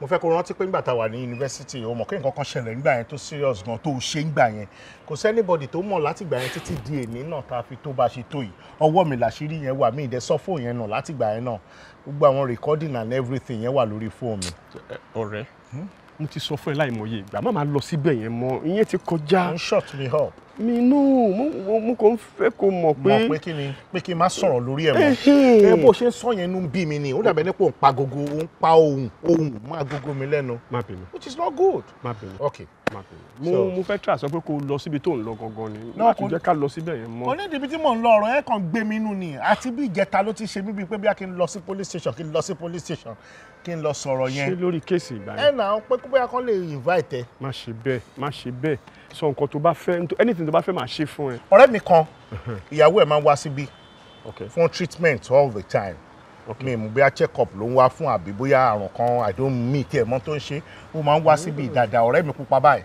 mo fẹ́ kó rántí pé nígbà tá a wà ní yunifásitì o mọ̀ kí nǹkan kan ṣẹlẹ̀ nígbà yẹn tó serious gan tó ṣe ń gbà yẹn kò sẹ́nibọ̀dì tó mọ̀ láti gbà yẹn títí di èní náà tá a fi tó bá ṣe tó yìí ọwọ́ mi làṣírí yẹn wà mí ìdẹ́sọ́ fóònù yẹn recording and everything yẹn wà lórí fóònù mo ti sọ fún ẹ láìmọye ìgbà má máa lọ síbẹ̀ yẹn mọ́ ìyẹn ti kọjá. n short me up. mi nù mo kò ń fẹ́ kó mọ̀ pé. mọ̀ pé kí ni pé kí n má sọ̀rọ̀ lórí ẹ̀ mọ́. ẹ bó ṣe ń sọ yẹn nú bí mi ni ó dàbẹ̀ nípò ń pa gogo ó ń pa ohùn ohùn mọ́ agogo mi lẹ́nu. má bínú. which is not good. má bínú. okay mo mo fẹ́ try sọ pé kó lọ síbi tó ń lọ gangan ni láti jẹ́ ká lọ síbẹ̀ yẹn mọ́. onídìí ibi tí mò ń lọ ọ̀rọ̀ yẹn kàn gbé mi nù ni àti bí ìjẹta ló ti ṣe mí bíi pé bí a kì í lọ sí police station kì í lọ sí police station kì í lọ sọ̀rọ̀ yẹn. ṣé lórí kéèsì ìgbà yẹn. ẹ nà pé kó bóyá kan lè invite ẹ. má ṣe bẹ́ẹ̀ má ṣe bẹ́ẹ̀ sọ nǹkan tó bá fẹ́ anything tó bá fẹ́ máa ṣe fún ẹ. ọ̀rẹ́ mi kan ìyàwó ẹ̀ máa wá síbí fún treatment all the time mi mú bóyá check up ló ń wá fún àbí bóyá àrùn kan àdó mi tiẹ̀ mọ́ tó ń ṣe ó máa ń wá síbi mm. dáadáa ọ̀rẹ́ mi pupa báyìí.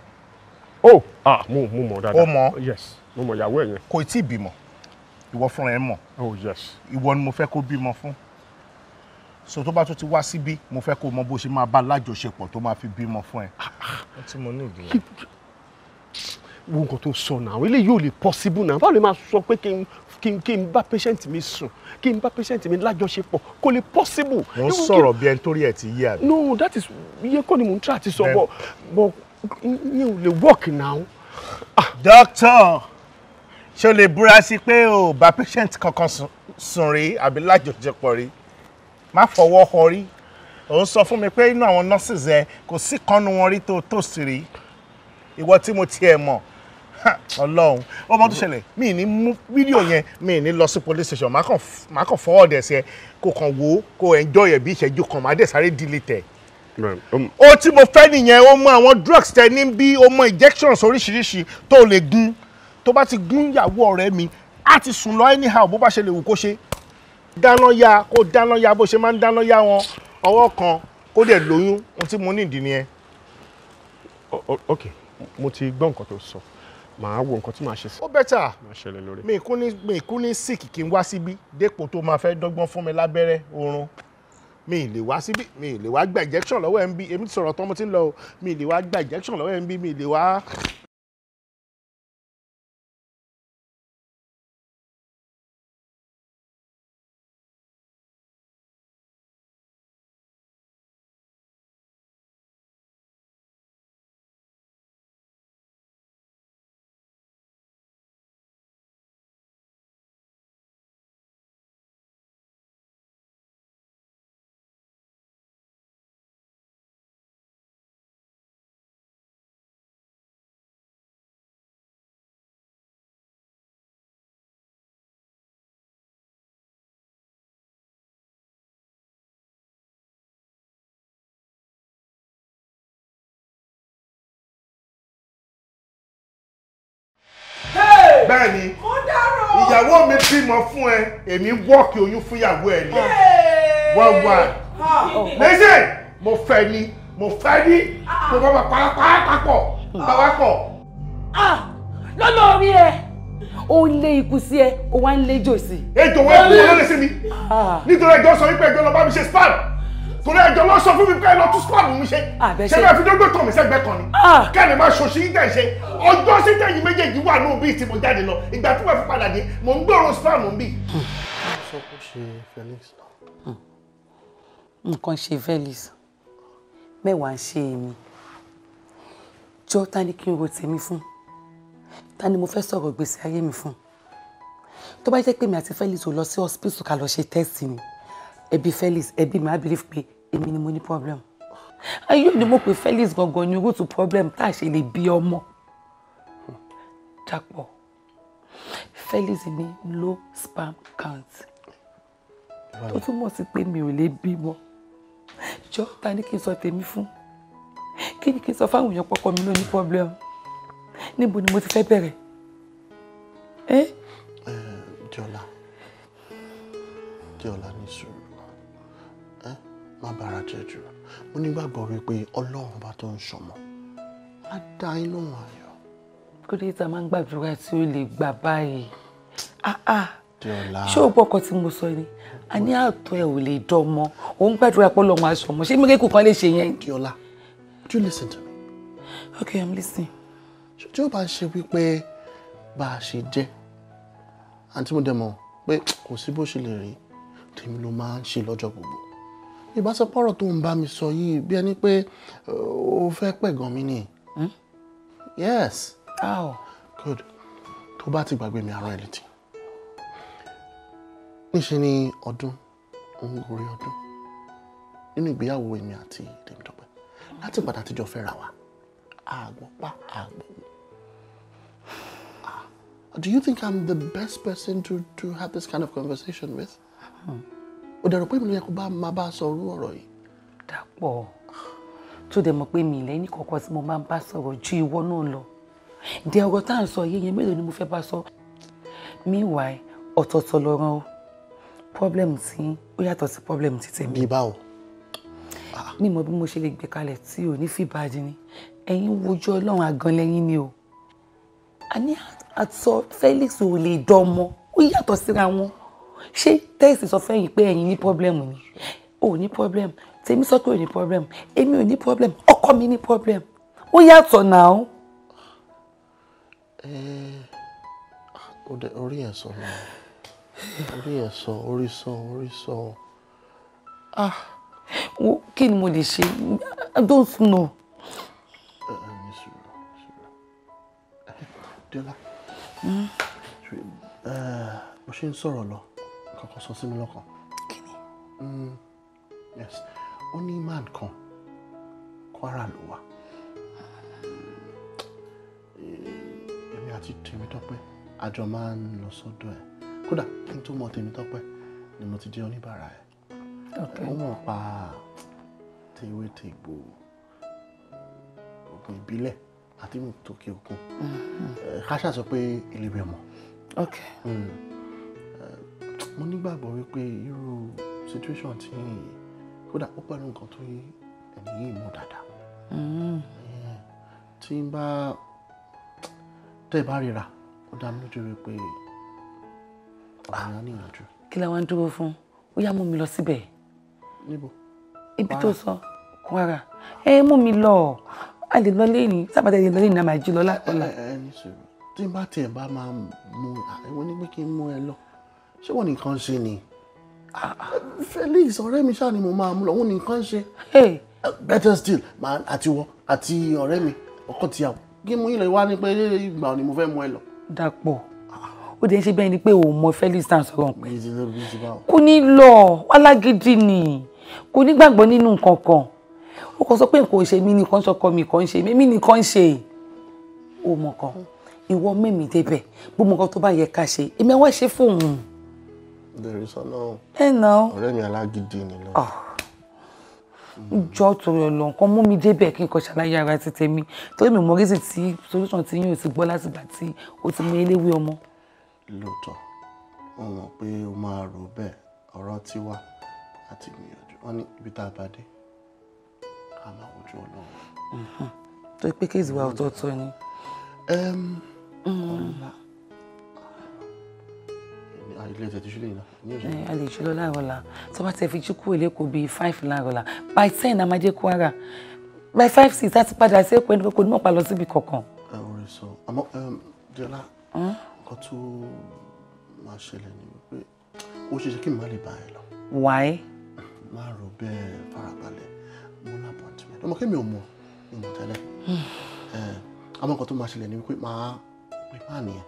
o ah mo mo mọ dáadáa o mọ yes mo mọ ìyàwó ẹ yẹn. kò tí ì bímọ ìwọ fúnra ẹ mọ oh yes ìwọ ni mo fẹ́ kó bímọ fún so tó bá tún ti wá síbí mo fẹ́ kó mọ bó ṣe máa bá lájọṣepọ̀ tó máa fi bímọ fún ẹ. ó ah, ti mọ ní ìdílé wo nǹkan tó sọ náà eléyìí ò lè possible náà báwo lè máa sọ pé kí n kí n bá patient mi sùn kí n bá patient mi lájọṣepọ̀ kò lè possible. wọ́n sọ̀rọ̀ bí ẹni torí ẹ̀ ti yé àbí. no that is iye kọ́ ni mò ń try àti sọ bọ̀ bọ̀ yẹn ò lè work now. Ah. doctor ṣé o lè búra sí pé o bá patient kankan sùn rí àbí lájọṣepọ̀ rí má fọwọ́ họ rí ò ń sọ fún mi pé inú àwọn nurses ẹ kò sí kánú wọn rí tó tó sì rí ìwọ tí mo tiẹ̀ mọ̀ ọlọ́run ọmọ tó ṣẹlẹ̀ mi ní mú fídíò yẹn mi ní lọ sí police station màá kàn màá kàn fọwọ́ ọ̀dẹ̀ sí ẹ kó kàn wò ó kó enjoy ẹ̀ bí ìṣẹ́jú kan màá dẹ̀ sáré delete ẹ̀. Um. o tí mo fẹ́ nìyẹn o mọ àwọn drugs tẹ ní bí o mọ injections oríṣiríṣi tó lè gún tó bá ti gún ìyàwó ọ̀rẹ́ mi á ti sùn lọ anyhow bó bá ṣe lè wù kó ṣe dáná ya kó dáná ya bó ṣe máa ń dáná ya wọn ọwọ́ kan kó dẹ̀ lóyún ohun tí mo ní ìdí nìyẹn. ok mo ti gbọ́ nǹkan tó sọ. So màá wo nǹkan tí màá ṣe sí. ó bẹ́tà mi kú ní sick kí n wá síbí dépò tó máa fẹ́ dọ́gbọ́n fún mi lábẹ́rẹ́ oorun mi lè wá síbí mi lè wá gba injection lọ́wọ́ ẹ̀ ń bí èmi ti sọ̀rọ̀ tán mo ti ń lọ o mi lè wá gba injection lọ́wọ́ ẹ̀ mi lè wá. bẹ́ẹ̀ ni ìyàwó mi bímọ fún ẹ èmi wọ́ọ̀kì oyún fún ìyàwó ẹ ni wọ́n wà lẹ́sẹ̀ mo fẹ́ ni mo fẹ́ ni ah. mo bá bá pàápàápọ̀ hmm. pàápàápọ̀. Ah, lọ́nà orí ẹ ó ń lé ikú sí ẹ ó wá ń lé jòsì. ejò wa kú ọlọ́lẹ̀ sí mi ah. nítorí ẹjọ́ sọ wípé ẹjọ́ lọ bá mi ṣe spam torí ẹjọ́ lọ sọ fún mi pé ẹ lọ tún spam mi ṣe ah, ṣe bẹ́ẹ̀ fi dógbò tọ̀ mí sẹ́gbẹ́ kan ni ah. kẹ́ni máa ṣòṣì yín tẹ̀ ṣe ọjọ́ sí tẹ̀yìn méjèèjì wà ní òbí tí mo jáde lọ ìgbà tí wọ́n fi padà dé mò ń gbòòrò spam mi. Hmm. nǹkan ṣe Felix mẹ́wàá ń ṣe èmi jọ ta ni kí n ro tèmi fún ta ni mo fẹ́ sọ̀rọ̀ gbèsè ayé mi fún tó bá jẹ́ pé mi àti Felix ò lọ sí hospital ká lọ ṣe test ni ẹbí Felix ẹbí mi á believe pé èmi ni mo ní problem ayé ni mo pè Felix gangan ni root to problem tá a ṣe lè bí ọmọ dàpọ̀ Felix ní low sperm count tó túmọ̀ sí pé mi ò lè bímọ jọ ta ni kí n sọ tèmi fún kí ni kí n sọ fáwọn èèyàn pọkọ mi ló ní problem níbo ni mo ti fẹ́ bẹ̀rẹ̀ ẹ́. Eh, Jọlá Jọlá ní sùúrù má bára jẹ́ jù mo nígbàgbọ́ wípé ọlọ́run bá tó ń ṣọmọ á dá iná ayọ̀. kó dé ta máa ń gbàdúrà tí ó lè gbà báyìí ah, ah. ṣé o gbọ́kọ̀ tí mo sọ ni a ní àtọ́ ẹ̀ ò lè dọ́mọ òun gbàdúrà pé ọlọ́run aṣọ ọmọ ṣé mẹ́kẹ́kù kan lè ṣe yẹn. diola would you listen to me. okay i'm listening. ṣojú ò bá ṣe wípé bá a ṣe jẹ́ àǹtí mo dẹ̀ mọ̀ pé kò sí bó ṣe lè rí tèmi ló máa ń ṣe lọ́jọ́ gbogbo ìbásọpọ̀rọ̀ tó ń bá mi sọ yìí bí ẹni pé o fẹ́ pẹ̀gàn mi ni. Hm? yes. how. good tó bá ti gbàgbé mi àárọ̀ ẹ̀ létí. níṣẹ́ ni ọdún òun gorí ọdún nínú ìgbéyàwó èmi àti Tèmítọ́pẹ́ láti padà àtijọ́ fẹ́ra wa àgbọ̀n pa àgbọ̀n. Ah, do you think I'm the best person to, to have this kind of conversation with? Hmm ó dàrú pé mi ló yẹ kó bá máa bá sọ orú ọ̀rọ̀ yìí. dàpọ̀ tó dẹ̀ mọ̀ pé mi ìlẹ́ ní kọ̀ọ̀kan tí mo máa ń bá sọ̀rọ̀ ju ìwọ náà lọ di ọ̀rọ̀ tá à ń sọ yé yẹn mélòó ni mo fẹ́ bá sọ meanwhile ọ̀tọ̀ọ̀tọ̀ lọ́rọ̀ o problem tí ó yàtọ̀ sí problem ti tèmi. bíbá o. Ah. mi mọ bí mo ṣe lè gbé kalẹ̀ tí ò ní fìbàdí ni ẹ̀yin wojú ọlọ́run àgan lẹ́yìn ni o a ní àtọ Felix ò lè dán ọmọ ó yàtọ̀ síra wọn ṣé tẹ́ẹ̀sì sọ fẹ́yìn pé ẹ̀yin ní pọ́blẹ́mù ni ò ní pọ́blẹ́mù tèmi sọ pé ò ní pọ́blẹ́mù èmi ò ní pọ́blẹ́mù ọkọ mi ní pọ́blẹ́mù ó yàtọ̀ náà. orí ẹ̀ sọ náà orí ẹ̀ sọ orí sọ orí sọ. Ah, kí ni mo lè ṣe I don't know. Dela, hmm? bó ṣe ń sọ̀rọ̀ lọ kankan sọ sí mi lọ́kàn. kí mm, yes ó ní man kan Kwara ló wà èmi àti Tèmítọ́pẹ́ àjọ máa ń lọ sọ́dọ̀ ẹ̀ kódà kí n tó mọ Tèmítọ́pẹ́ ni mo ti jẹ́ oníbàárà ẹ̀ ó mọ̀ pa tewé tegbò oògùn ìbílẹ̀ àti mọ̀tòkè òkun mm-hmm. ká ṣàṣọ pé ilé bẹ̀ mọ́. okay. Mm mo nígbàgbọ́ wípé irú situation tí yìí kódà ó pẹ̀lú nǹkan tó yí ẹni yìí mú dáadáa hmm. tí n bá tẹ́ ẹ bá ríra ó dá mi lójú wípé àwọn ní ìrìnàjò. kí la wá ń dúró fún ó yá mú mi lọ síbẹ̀. níbo. ibi tó sọ kwara ẹ mú mi lọ a lè lọ lẹ́yìn sábàtà lè lọ lẹ́yìn náà máa jí lọ látọ̀la. ẹ ẹ ní sùúrù tí n bá tiẹ̀ bá máa mú ẹ wọ́n ní pé kí n mú ẹ lọ ṣé wọ́n nìkan ṣe ni ah, ah. Felix ọ̀rẹ́ mi ṣáà ni mo máa mú lọ wọ́n nìkan ṣe better still máa àtiwọ àti ọ̀rẹ́ mi ọkọ tíyàwó kí mo yín lọ wá ní pé ìgbà ni mo fẹ́ mú ẹ lọ. Dàpọ̀ ó dẹ̀ ṣe bẹ́ẹ̀ ni pé o mọ Felix náà sọ̀rọ̀ pé kò ní lọ alágídí ni kò ní gbàgbọ́ nínú nǹkan kan ó kàn sọ pé nǹkan ò ṣe mí nìkan ṣọkọ mi kan ṣe mí nìkan ṣe o mọ̀ kan ìwọ mẹ́mìí débẹ̀ bó mọ̀ kan tó bá yẹ ká ṣe èmi àwọn ṣe fóun bẹ̀rẹ̀ sọ́nà ẹ̀ náà ọ̀rẹ́ mi alágídí ni lọ. Ah. jọ torí ọlọ nǹkan mú mi débẹ̀ kí n kọ ṣàlàyé ara ti tèmi torí mi mọ rísì tí solution ti yín ò ti gbọ́ látìgbà tí o ti mú eléwé ọmọ. lóòótọ́ wọ́n mọ̀ pé o máa rò bẹ́ẹ̀ ọ̀rọ̀ ti wà àti gbìyànjú wọ́n ní ibi tá a bá dé ká máa wojú ọlọ́run. Mhm. tó pé kéèzì wa ọ̀tọ̀ọ̀tọ̀ ni. Mm. ọ̀la ilé tẹ̀ ti ṣílẹ̀ yìí náà. a lè ṣe lọ láàrọ̀lá tó bá tẹ̀ five láàrọ̀lá by ten a máa dé Kwara by five six a ti padà sí Èkó ẹni pé kò ní mọ̀ pa lọ síbi kankan. ẹ ò rí sọ àmọ́ jọlá hm? nǹkan tó máa ṣẹlẹ̀ ni wípé ó ṣeéṣe kí n má lè bá ẹ lọ. why. má rò bẹ́ẹ̀ farabalẹ̀ mo ní appointment ọmọ kí mi ò mọ̀ mi ò mọ̀ tẹ́lẹ̀ hmm. àmọ́ nǹkan tó máa ṣẹlẹ̀ ni wípé máa pè má nìyẹn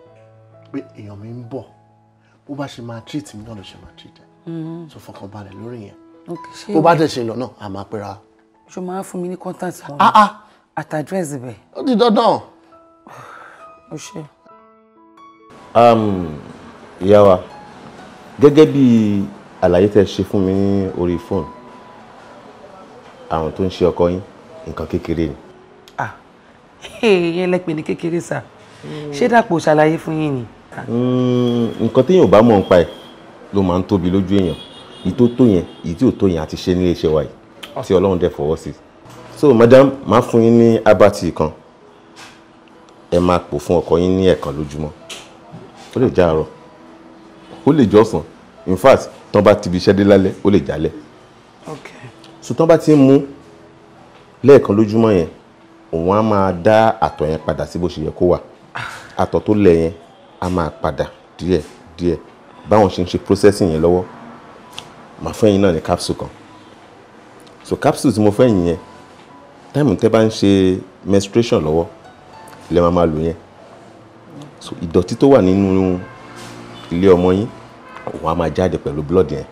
pé èèyàn mi ń bọ̀ bó bá ṣe máa treat mi náà ló ṣe máa treat ẹ mm-hmm. so fọkàn balẹ̀ lórí yẹn bó bá dẹ̀ ṣe lọ náà a máa pera. ṣo máa fún mi ní contact wọn at ah, address ah. bẹ̀. ó di dandan. ó ṣe. Um, ìyá wa gẹ́gẹ́ bí àlàyé tẹ́ ṣe fún mi ní orí fóònù àrùn tó ń ṣe ọkọ yín nǹkan kékeré ni. ah ẹ̀yẹ́ lẹ́pẹ̀ ní kékeré sá ṣé dàpọ̀ ṣàlàyé fún yín ni. Hmm, nǹkan téèyàn ò bá mọ̀ nípa ẹ̀ ló máa ń tóbi lójú èèyàn èyí tó tó yẹn èyí tí ò tó yẹn àti ṣe nílé iṣẹ́ wa yìí tí ọlọ́run dẹ̀ fọwọ́ sí. so madam máa fún yín ní abati kan ẹ máa pò fún ọkọ yín ní ẹ̀ẹ̀kan lójúmọ́ ó lè jẹ́ àárọ̀ ó lè jọ́sàn in fact tán bá ti ibi iṣẹ́ dé lálẹ́ ó lè jálẹ̀ so tán bá ti ń mú lẹ́ẹ̀kan lójúmọ́ yẹn òun á máa dá àtọ̀ yẹn padà sí bó ṣe yẹ kó wà àtọ̀ tó lẹ̀ yẹn a máa padà díẹ̀ díẹ̀ báwọn ṣe ń ṣe processing yẹn lọ́wọ́ màá fún ẹ̀yin náà ní capsule kan so capsule tí mo fẹ́ yín yẹn táìmù tẹ́ bá ń ṣe menstruation lọ́wọ́ lẹ́ máa máa lò yẹn so ìdọ̀tí tó wà nínú ilé ọmọ yín òun á máa jáde pẹ̀lú blood yẹn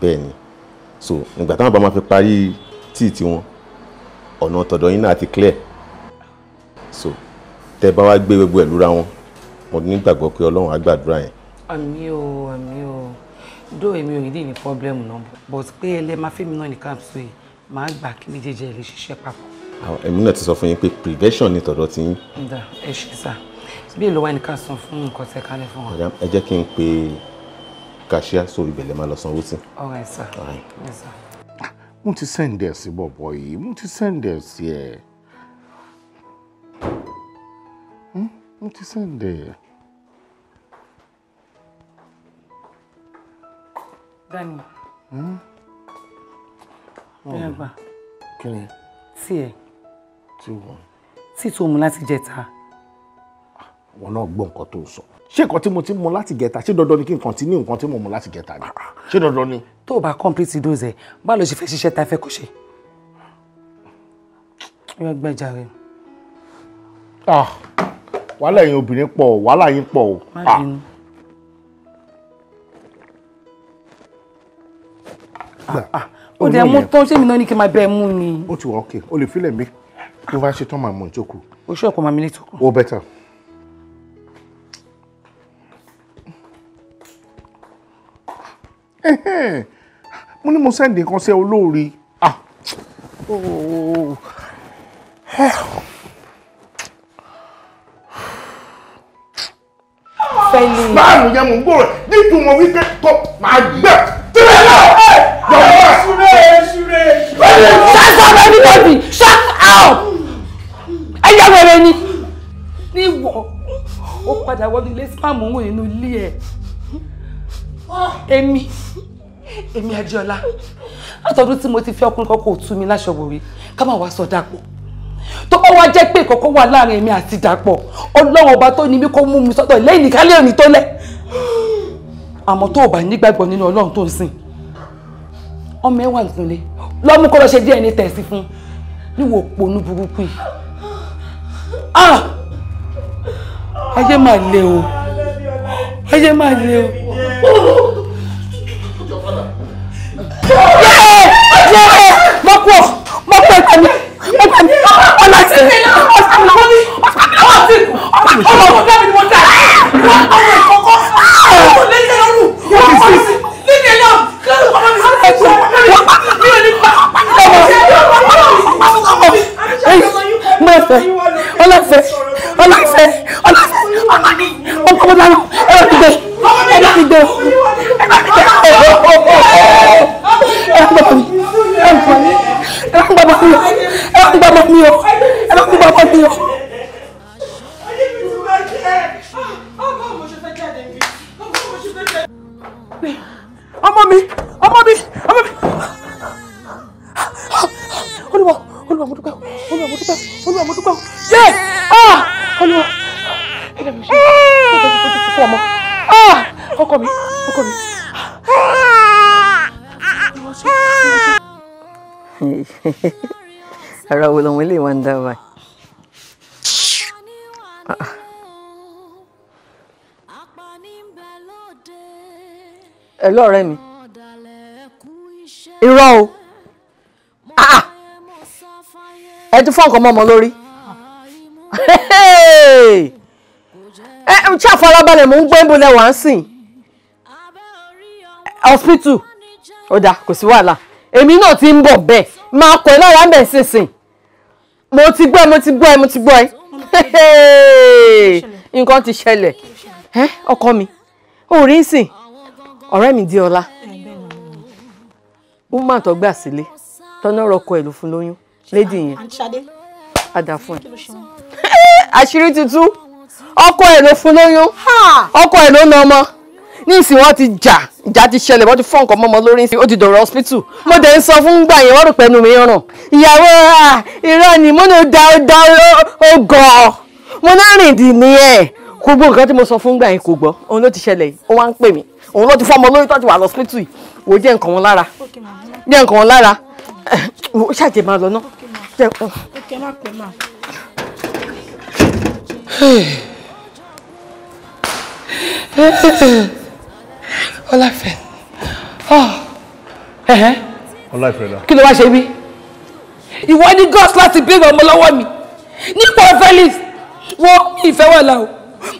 bẹ́ẹ̀ ni so ìgbà táwọn bá máa fi parí tíì tiwọn ọ̀nà tọ̀dọ̀ yín náà ti clear so tẹ́ bá wá gbé gbogbo ẹ̀ lura wọn mo nígbàgbọ́ pé ọlọ́run á gbàdúrà yẹn. àmì o àmì o dó èmi ò ní ní pọ́blẹ́mù náà but pé ẹlẹ́ máa fẹ́mi náà ní káàpsù yìí máa gbà kí méjèèjì ẹ lè ṣiṣẹ́ papọ̀. èmi náà ti sọ fún yín pé prevention ni tọ̀dọ̀ ti ń. ǹda ẹ ṣe sá bí èlò wáyé nìkan san fún nǹkan tẹ kálẹ̀ fún wa. ẹ jẹ́ kí n pe kàṣíà sórí ibẹ̀ lẹ́ máa lọ sanwó sí. ọ̀rẹ́ sà ọ̀rẹ́ sà mo ti send ẹ sí bọ̀bọ̀ yìí mo ti send ẹ sí mo ti sẹ́ǹdẹ̀. dani ẹgbà kí ni tí ẹ tí wọ tí tó mu láti jẹta. wọn náà gbọ́ nǹkan tó sọ ṣé nǹkan tí mo ti mu láti gẹta ṣé dandan ni kí n continue nǹkan tí mo mu láti gẹta ni ṣé dandan ni. tó o bá complete dose ẹ báwo ló ṣe fẹ́ ṣiṣẹ́ ta fẹ́ kó ṣe. yóò gbẹ́jà rẹ. ah wàhálà yín obìnrin pọ̀ wàhálà yín pọ̀ o. Ah. Ah, ah. ó dẹ̀ mú tán ṣé mi náà ní kí n máa bẹ́ẹ̀ mú ni. ó ti wọ ọkẹ o lè filẹ̀ mi tó bá ṣe tán màá mú ìjókòó. o ṣe ọkọ màmí létí kù. ó bẹ́tà. mo ní mo sẹ́ǹdì kan sí ẹ olóore. ah. oh. fẹ́lí. báàmù yẹn mò ń gbòòrò nítorí mo wípé tó máa gbẹ tílẹ̀ náà. yọ̀wọ́ ṣúré ṣúré ṣúré. ṣáṣá bẹ́ẹ̀ni bẹ́ẹ̀ni shut up. ẹ yẹ wẹ̀rẹ̀ ni. ní ìwọ ó padà wọlé ilé spam òun inú ilé ẹ èmi èmi Adéọlá látọdún tí mo ti fẹ́ ọkùnrin kọ́kọ́ ò tú mi láṣọ wòrí ká má wàá sọ dàpọ̀ tó bá wá jẹ́ pé kọ̀kọ́ wà láàrin èmi àti Dàpọ̀ ọlọ́run ọba tó ní mí kó mú mi sọ́tọ̀ lẹ́yìn nìkan lé òní tó lẹ̀ àmọ́ tó o bá nígbàgbọ́ nínú ọlọ́run tó ń sìn ọmọ ẹ wà nílé lọ́mú kọ́ lọ ṣe DNA test fún níwò ponú burúkú yìí ayé máa le o ayé máa le o. Mọ̀kú ọ̀ mọ̀kú ẹ̀ka mi ọ̀pá mi ọ̀la ti mi ọ̀pá ọlọfẹ ọlọfẹ ọlọfẹ ọlọfẹ Oh ọmọdé ẹwà ti gbé ẹwà ti gbé ẹwà ti gbé ẹwà ń gbàgbọ́ mi ẹwà ń gbàgbọ́ mi o ẹwà ń gbàgbọ́ mi o. ọmọ mi ọmọ mi ọmọ mi olúwa olúwa mo dúpẹ́ olúwa mo dúpẹ́ olúwa mo dúpẹ́ yé ah olúwa ẹ̀dá mi ṣe ẹ̀dá mi ṣe fún ọmọ ah ọkọ mi ọkọ mi. ara wo lọ́wọ́ ilé wa ń dá wa. Ah. ẹ lọ́ọ̀rẹ́ mi irọ́ o. Ah! ẹ ti fọ́ nǹkan mọ́ ọmọ lórí ẹ ṣe àfarabalẹ̀ mò ń gbé níbo lẹ́wọ̀ à ń sìn hospital ó dáa kò sí wàhálà èmi náà ti ń bọ̀ bẹ́ẹ̀ máa kọ̀ ẹ́ lára ń bẹ̀ sínsìn mo ti gbọ́ ẹ mo ti gbọ́ ẹ mo ti gbọ́ ẹ nǹkan ti ṣẹlẹ̀ ẹ ọkọ mi ò rí ń sìn ọ̀rẹ́ mi di ọ̀la ó mà tó gbà sílé tọ́nà ọ̀rọ̀ ọkọ ẹ̀ ló fún lóyún lady yẹn àdá fún ẹ àṣírí tuntun ọkọ ẹ ló fún lóyún ọkọ ẹ ló na ọmọ ní ìsìn wọn ti jà ìjà ti ṣẹlẹ̀ wọ́n ti fọ́ nǹkan mọ́mọ́ lórí ìsìn ó ti dọ̀rọ̀ hospital mo dẹ̀ ń sọ fún gbà yẹn wọ́n rò pẹ̀lú mi ràn ìyàwó irọ́ ni mo ní da da ogọ̀ mo náà rìn dì ní ẹ̀ kò gbọ́ nǹkan tí mo sọ fún gbà yẹn kò gbọ́ òun ló ti ṣẹlẹ̀ yìí ó wá ń pè mí òun ló ti fọ́ ọmọ lórí tó ti wà lọ́spítù yìí wò ó jẹ́ nǹkan wọn lára jẹ́ nǹkan wọn lára ó ṣàjẹ́ máa lọ náà Okay, now come on. Ọláfẹ́. Ọláfẹ́ la. Kí ló wá ṣe mí? Ìwọ ní gọ́ọ̀sì láti béèrè ọmọ lọ́wọ́ mi. Nípa Felix, wọ́n ìfẹ́ wà láò.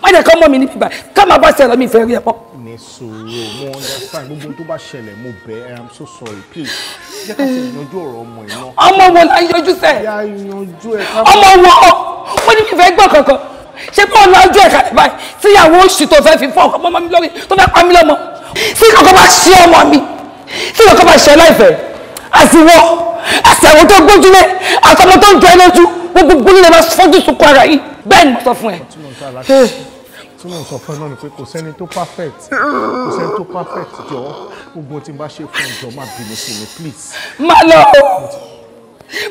Má jẹ́ kọ́ mọ́ mi níbi ìgbà. Ká máa bá ṣẹlẹ̀ mi ìfẹ́ rí ẹ̀ pọ̀ sọ̀rọ̀ mo understand gbogbo tó bá ṣẹlẹ̀ mo bẹ̀ ẹ́ i'm so sorry please jẹ́ ká ti yanjú ọ̀rọ̀ ọmọ ẹ̀ náà. ọmọ wo la yanjú sẹ́. ya yanjú ẹ̀ ká. ọmọ wo ọ wọ́n ní ìfẹ́ gbọ́ kankan ṣé kí wọ́n lọ ọjọ́ ẹ̀ka báyìí tíyàwó oṣù tó fẹ́ fi fọ́ ọkọ mọ́ mi lórí tó fẹ́ pa mí lọ́mọ tí kankan bá ṣe ọmọ mi tí kankan bá ṣe láìfẹ́ àtiwọ́ àtàwọn tó gbójúlé àtàwọn tó ń jẹ lójú gbogbo gbólé lè máa sunkún ara yìí bẹ́ẹ̀ ni mo sọ fún ẹ tí mo sọ fún ẹ náà ni pé kò sẹ́ni tó perfect kò sẹ́ni tó perfect jọ gbogbo tí n bá ṣe fún ọjọ́ má bínú sí mi please. má lọ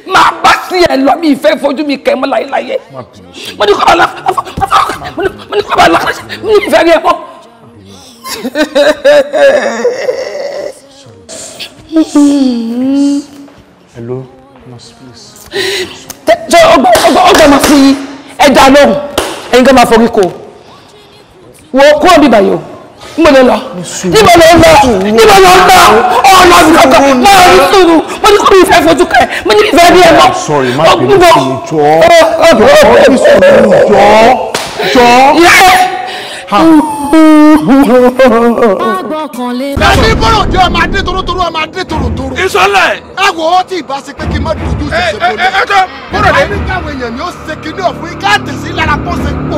má bá sí ẹ lọ mi ìfẹ́ fojú mi kẹ́ mọ́ láyéláyé mo ní kọ́ ọ la mo ní kọ́ ọ la mi ìfẹ́ rí ẹ mọ́. Hello, nurse please. Ṣé ọgbà ọgbà ọgbà máa fi ẹja lóhùn ẹ̀yin kan máa forí ko wo kúrò bí bàyò níbo ló lọ níbo ló lọ níbo ló lọ ọ̀nà ní fẹ́ fojú kẹ mo ní ìfẹ́ bí ẹ mọ́ bọ́rọ̀ jẹ́ ọmọ adé torotoro ọmọ adé torotoro. ìsọlẹ̀. ẹ wo ó ìbá ṣe pé má dojú ṣe ṣe bọ́lẹ̀. ẹ ẹ jọ bọ́rọ̀ dé. ìbáraẹni káwọn èèyàn ni ó ṣe kíní ọ̀fun ká tẹ̀sí lára pọ̀ ṣe pò.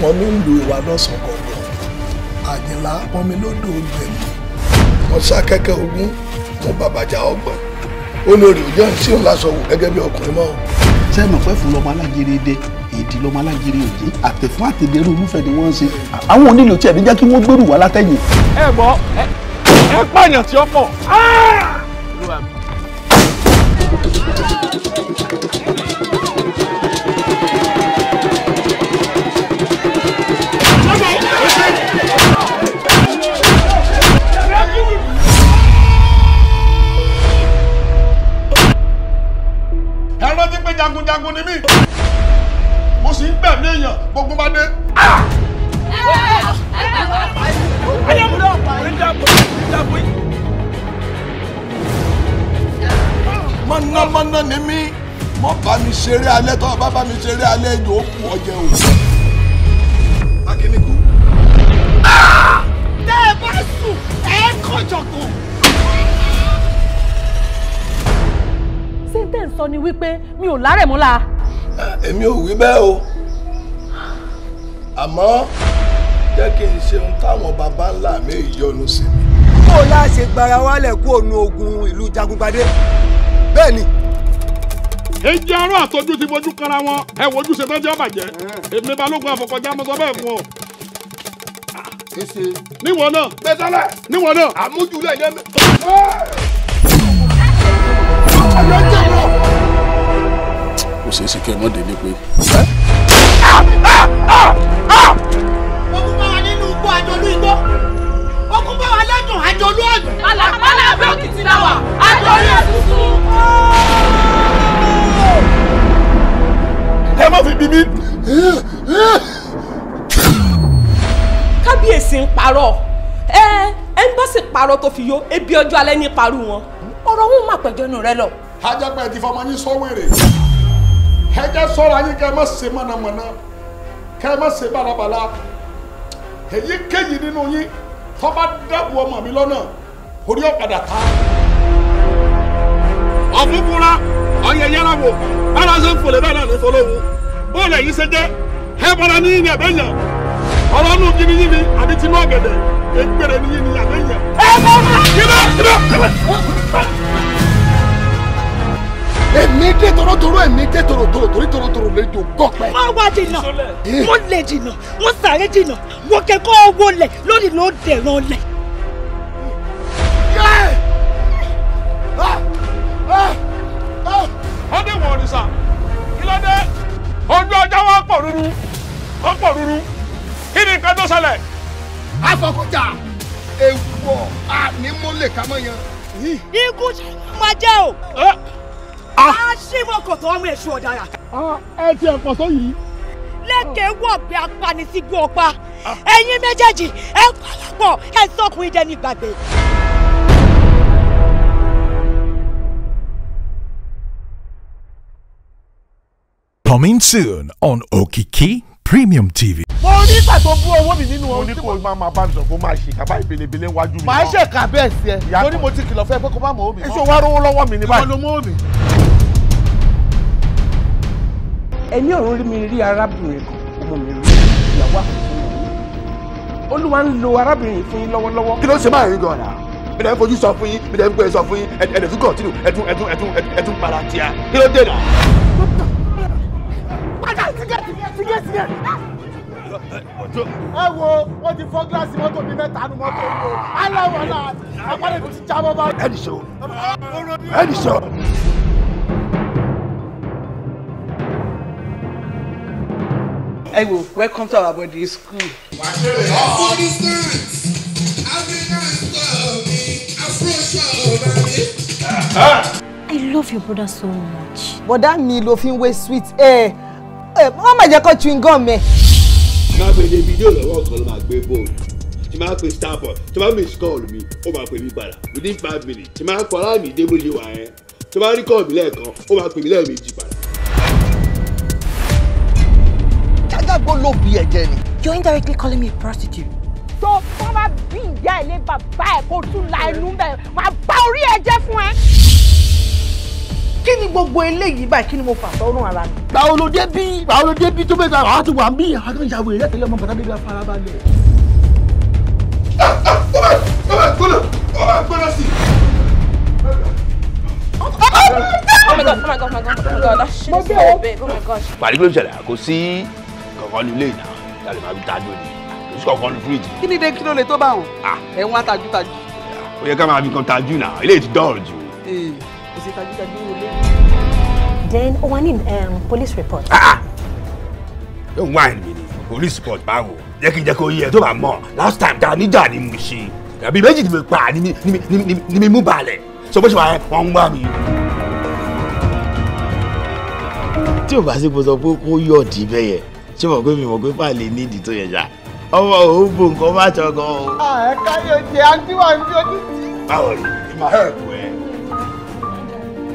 kan nílùú ìwà lọ́sàn kọ̀ọ̀kan àjìnlá pọnmilódò gbẹ̀mí wọn sá kẹ́kẹ́ ogún wọn bàbàjá ọgbọ̀n olórí òjò tí òun lásọ wò gẹ́gẹ́ bí ọkùnrin mọ́. sẹ́ẹ̀mọ̀ pẹ́ fún lọ́mọ alágiri dé èdè lọ́mọ alágiri òjì àtẹ̀fún àtẹ̀dẹ́rù irúfẹ́ ni wọ́n ń ṣe àwọn onílò tí ẹ̀mí jẹ́ kí wọ́n gbèrú wá látẹ̀yìn. ẹ gbọ́ ẹ pààyàn tí ó pọ̀. Ah! jagunjagun ni mí mo sì ń gbẹ̀mí èèyàn gbogbo bá dé. ayọ̀mùdọ̀ ọ̀pọ̀ ìjàpọ̀ ni mí mọ̀ bá mi ṣeré alẹ́ tó bá bá mi ṣeré alẹ́ yóò kú ọjẹ́ o. akíníkù. tẹ́ ẹ bá sùn ẹ kọjọ kan. tẹ̀ ń sọ ni wípé mi ò lárẹ̀ mọ́ la. èmi ò wí bẹ́ẹ̀ o àmọ́ jẹ́ kí n ṣe ohun táwọn baba ńlá mi yọ́nú sí mi. kó o láà ṣe gbara wálẹ̀ kó o nu ogun ìlú jagunpadé bẹ́ẹ̀ ni èjì arọ àtọjú ti fojú kara wọn ẹ wojú ṣe tán jẹ ọbàjẹ èmi balógun àfọkọjá mo sọ bẹ́ẹ̀ fún ọ. níwọ̀n náà. gbẹsẹ̀lẹ̀. níwọ̀n náà. àmójúlẹ̀ yẹn mi kò ṣeé ṣe kẹ́ ẹ mọ́ délé pé. ogun bá wa nínú igbó àjọlú igbó ogun bá wa lẹ́dùn àjọlú ọ̀dùn. àlàpàlà abẹ́ òkìtì la wà àjọlú ẹ̀sùsùn. ẹ má fi bí mi. kábíyèsí ń parọ́ ẹ ẹ ń bá sì parọ́ tó fi yó ebi ọjọ́ alẹ́ ní parú wọn ọ̀rọ̀ òun mà pẹ̀jọ́ nù rẹ lọ. ajá pẹ̀ ti fọmọ yín sọ wèrè kẹjẹ sọ́ra yín kẹ má ṣe mọ̀nàmọ̀nà kẹ má ṣe balabala èyíkéyìí nínú yín tó bá dẹ́bu ọmọ mi lọ́nà orí ọ̀padà ta. ọ̀fúnfúnra ọ̀yẹ̀ yẹra wò bára ṣe ń fòlè bẹ́ẹ̀ náà ní fọlọ́wọ́ bóòlù ẹ̀yìn ṣe jẹ́ ẹ bọ́ra ní ìyẹn bẹ́ẹ̀ yẹn ọ̀rọ̀ ni àbí tinú ọ̀gẹ̀dẹ̀ ẹgbẹ̀rẹ̀ ni yín ni àbẹ́yẹn. ẹ bá wà. kí ló kí ló èmi dé torótoró èmi dé torótoró torí torótoró lè jò gọpẹ. wọ́n wá jìnnà wọ́n lè jìnnà wọ́n sáré jìnnà wọ́n kẹ́kọ̀ọ́ wọlé lónìí ló dẹ̀ràn lẹ̀. Ah! Ah! Ah! ó dé wọ̀n ọ̀rìṣà kí ló dé ojú ọjọ́ wọn pọ̀ dúdú wọn pọ̀ dúdú kí ni nǹkan tó ṣẹlẹ̀. afọkúta ewu ọ ànímọ́lẹ̀ kámọ́ yan. ikú ṣe máa jẹ́ o. Ah. aṣíwọ́kọ̀tọ̀ ọmọ èṣù ọ̀daràn. Ah, ẹ ti ẹ̀kọ́ tó yìí. ọ̀pá ah. ẹ̀yin méjèèjì ẹ pàlápọ̀ ẹ sọkùnrin dẹni gbàgbé. Coming soon on Okiki Premium TV ní ìpàtó bú owó mi nínú ohun tí mo. mo ní kó o máa bá mi sọ kó máa ṣe kaba ìbelebele wájú mi. màá ṣe kà bẹ́ẹ̀ sí ẹ torí mo ti kìlọ̀ fẹ́ pé kó má mọ omi. èso wa rówó lọ́wọ́ mi ní báyìí. ìwọ ló mọ omi. ẹni ọ̀run rí mi rí arábìnrin kan ọmọ mi rí ìyàwó àkókò olúwa ń lo arábìnrin fún yín lọ́wọ́lọ́wọ́. kí ló ṣe báyìí gan-an mi dẹ̀ ń fojú sọ fún yín mi dẹ̀ ń gbé sọ fún yín ẹ̀dẹ̀ tún kọ̀tínù ẹ̀tún ẹ̀tún ẹ̀tún ẹ̀tún kí ló dé náà. padà sígẹ̀ sígẹ̀ sígẹ̀ ẹ wo wọn ti fọ́ gíláàsì mọ́tò mi mẹ́ta nu mọ́tò mi o aláwọ̀ náà àpárẹ̀ mi ti jábọ́ bá. ẹnì sọ ẹnì welcome to our body school. I love your brother so much. Bọ̀dá mi ló fi way sweet. Eh, eh. Mama, má jẹ́ kó gum ẹ máa pè ní fídíò lọ́wọ́ kan ló máa gbé bóòlù tí máa pè starboy tí máa miss call mi ó máa pè mí padà within five minutes tí máa kọ́ láàmì débòlì wà ẹ́ tí máa rí call mi lẹ́ẹ̀kan ó máa pè mí lẹ́ẹ̀mejì padà. jágàgbó ló bí ẹ̀jẹ̀ ni. you are indirectly calling me a prostitute. tó bá bá bí ìyá ẹ̀ lé bàbá ẹ̀ kó tún la ẹnu bẹ̀ máa bá orí ẹ̀ jẹ́ fún ẹ kí ni gbogbo eléyìí báyìí kí ni mo fà sọ́rùn ara mi. báwo bí báwo bí tó bẹ́ẹ̀ àwọn àti mí àwọn ìyàwó ìyá ọmọ bàtàdé bá fara balẹ̀. pàdé ló ń ṣẹlẹ̀ kò sí kankan nílé ìdáná tàbí máa fi ta lónìí kò sí kankan ní fíríjì. kí ni dé kí ló lè tó bá wọn ah. ẹ̀wọ̀n atajútajú. ó yẹ ká máa fi kan tajú náà ilé ìtúdọ̀ọ̀rọ̀ jù. Eh ṣe tajútajú wọlé. then ó wá ní um, police report. yóò wá ẹ̀mí ni police report báwo jẹ́ kí n jẹ́ kó yẹ tó bá mọ̀ last time ta níjà ni mo ṣe àbí méjì ni mo pa ni mi mú balẹ̀ so bó ṣe wà wọ́n ń wá mi. tí o bá sí kó sọ pé kó yọ̀ dí bẹ́ẹ̀ yẹ ṣé mọ̀ pé mi mọ̀ pé fàlẹ́ nídìí tó yẹ ṣáà ọmọ òòbò nǹkan bá jọ gan o. àyẹ̀ká ah, yóò jẹ àǹtí wà ní ojú tí. báwo ni ìmọ̀ ẹ̀kú ẹ̀.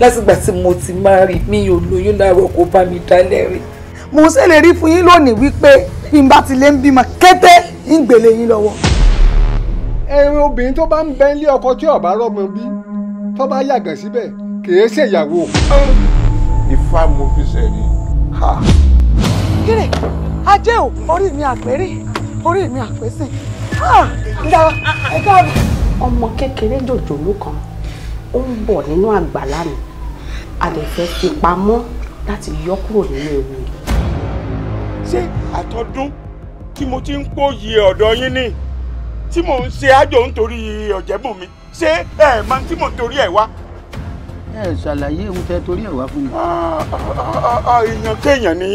lásìgbà tí mo ti máa rí mi ò lóyún láàárọ̀ kó bá mi dálẹ̀ rí. mo ń ṣèlérí fún yín lónìí wípé bí n bá ti lè ń bímọ kété ń gbèlè yín lọ́wọ́. ẹran obìnrin tó bá ń bẹ nílé ọkọ tí ọba rọmọ bí tó bá yàgàn síbẹ̀ kìí ṣèyàwó. ifá mo fi ṣẹ̀rí. kíni ajé ò orí mi àpérí orí mi àpésìn. ọmọ kékeré jòjòló kan ó ń bọ̀ nínú àgbàlá mi a lè fẹ́ fi pamọ́ láti yọ kúrò nínú ewu yìí. ṣé àtọ́dún tí mo ti ń pòyì ọ̀dọ̀ yín ni tí mò ń ṣe àjò nítorí ọ̀jẹ̀bùn mi ṣé ẹ máa tí mò ń torí ẹ̀ wá. ẹ ṣàlàyé ohun tẹ torí ẹ̀ wá fún mi. èèyàn kéèyàn ni.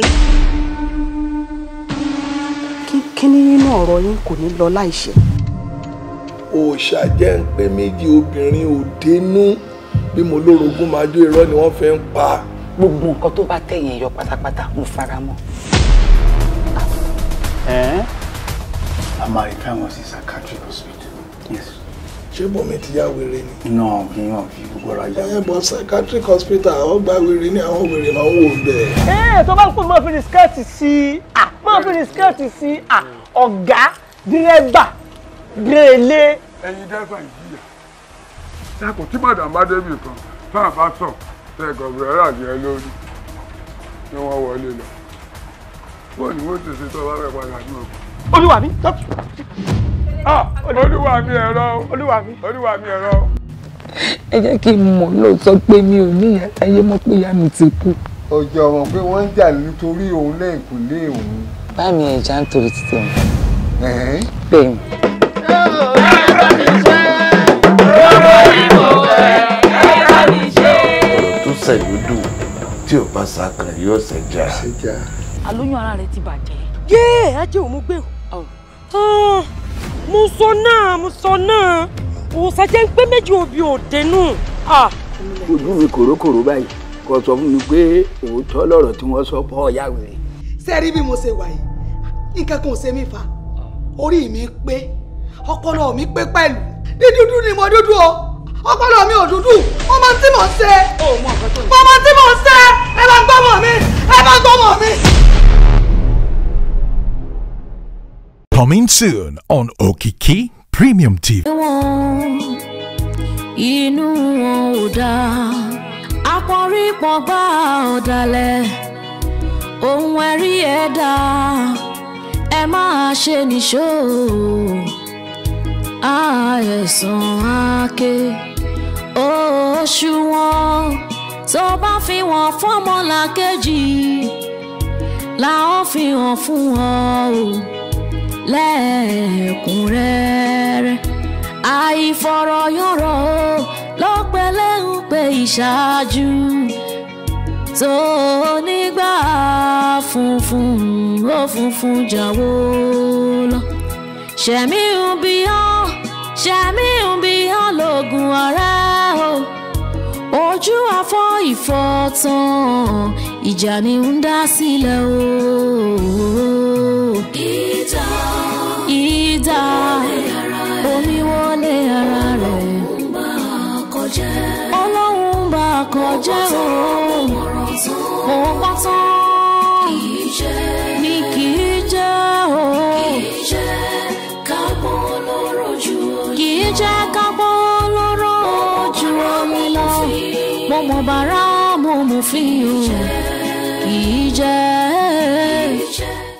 kí kíní nínú ọ̀rọ̀ yín kò ní lọ láìṣẹ́ òòṣà jẹ́ ń pé méjì obìnrin ò dénú bí mo lórogún máa jó irọ́ ni wọ́n fi ń pa. gbogbo nǹkan tó bá tẹ̀yìn yọ pátápátá mo fara mọ́. a máa rí káwọn sí psychiatric hospital. yes. ṣé bọ̀mí ti yá wèrè ni. iná ọ̀gbìn yàn fi gbogbo ara yá. ẹ bọ psychiatric hospital àwọn gba wèrè ní àwọn wèrè máa ń wò bẹ́ẹ̀. ẹ tó bá kún máa fi rìsíkẹ́ẹ̀tì sí i máa fi rìsíkẹ́ẹ̀tì sí i ọ̀gá dírẹ́gbà gbélé. ẹ̀yin dẹ́fà ìjìyà dákun tí màdàm bá débi kan táwọn bá sọ tẹ gọbìrì ràjẹ lórí ni wọ́n wọlé lọ wọ́n ní wọ́n ti ṣe tó bá fẹ́ padà ní òkú. Ah, ah, olúwa mi olúwa mi ẹ̀rọ olúwa mi olúwa mi ẹ̀rọ. ẹ jẹ́ kí n mọ̀ lóòótọ́ pé mi ò ní ìyá mọ́ pé ìyá mi ti kú. ọjọ́ wọn pé wọ́n ń jà nítorí òun lẹ́yìn kò lé òun. bá mi ẹja ń torí títẹ̀ wọn. bẹ́ẹ̀ ni sẹ̀dúdù tí ò bá sàkàn yóò ṣẹja. àlóyún ara rẹ ti bàjẹ́. yé ajé òun gbé o. mo sọ náà mo sọ náà òòsàn jẹ́ ń pé méjì òbí òde nù. ojú mi kòrókòró báyìí kò sọ fún mi pé òótọ́ lọ̀rọ̀ tí wọ́n sọ pọ̀ ọ̀yá rẹ̀. sẹ́ẹ̀rí bí mo ṣe wà yìí nǹkan kan ò ṣe mí fa orí mi pé ọpọlọ mi pé pẹ̀lú ní dúdú ni mo dúdú o ọpọlọ mi ò dúdú mo máa tí mò ń ṣe mo máa tí mò ń ṣe ẹ bá gbọ́mọ mi ẹ bá gbọ́mọ mi. Coming soon on Okiki Premium TV. Inú wọn ò dáa, àpọ̀nrí pọ̀gbà ọ̀dàlẹ̀, ohun ẹ̀rí ẹ̀dá, ẹ máa ṣe nìṣó àìsàn àáké òṣùwọ̀n tó bá fi wọ́n fọ́mọlà kejì làwọn fi hàn fún wọn o lẹ́ẹ̀kúnrẹ́rẹ́ àìfọ̀rọ̀yọ̀rọ̀ o ló pẹlẹ ń ìṣáájú tó nígbà funfun ó funfun jáwó lọ ṣẹ̀mí ń bí hàn ṣẹ̀mí ń bí hàn lóògùn ọ̀rẹ́ o ojú afọ́ ìfọ̀tàn ìjà ni ń dá sílẹ̀ o. ìdá ìdá omi wọlé ara rẹ̀ ọlọ́run bá kọjá o òun pátán kì í ṣe. kì í jẹ́ kápọ́ lọ́rọ̀ ojú omi lọ mo mọ̀ bàrà mo mọ̀ fi hàn kì í jẹ́.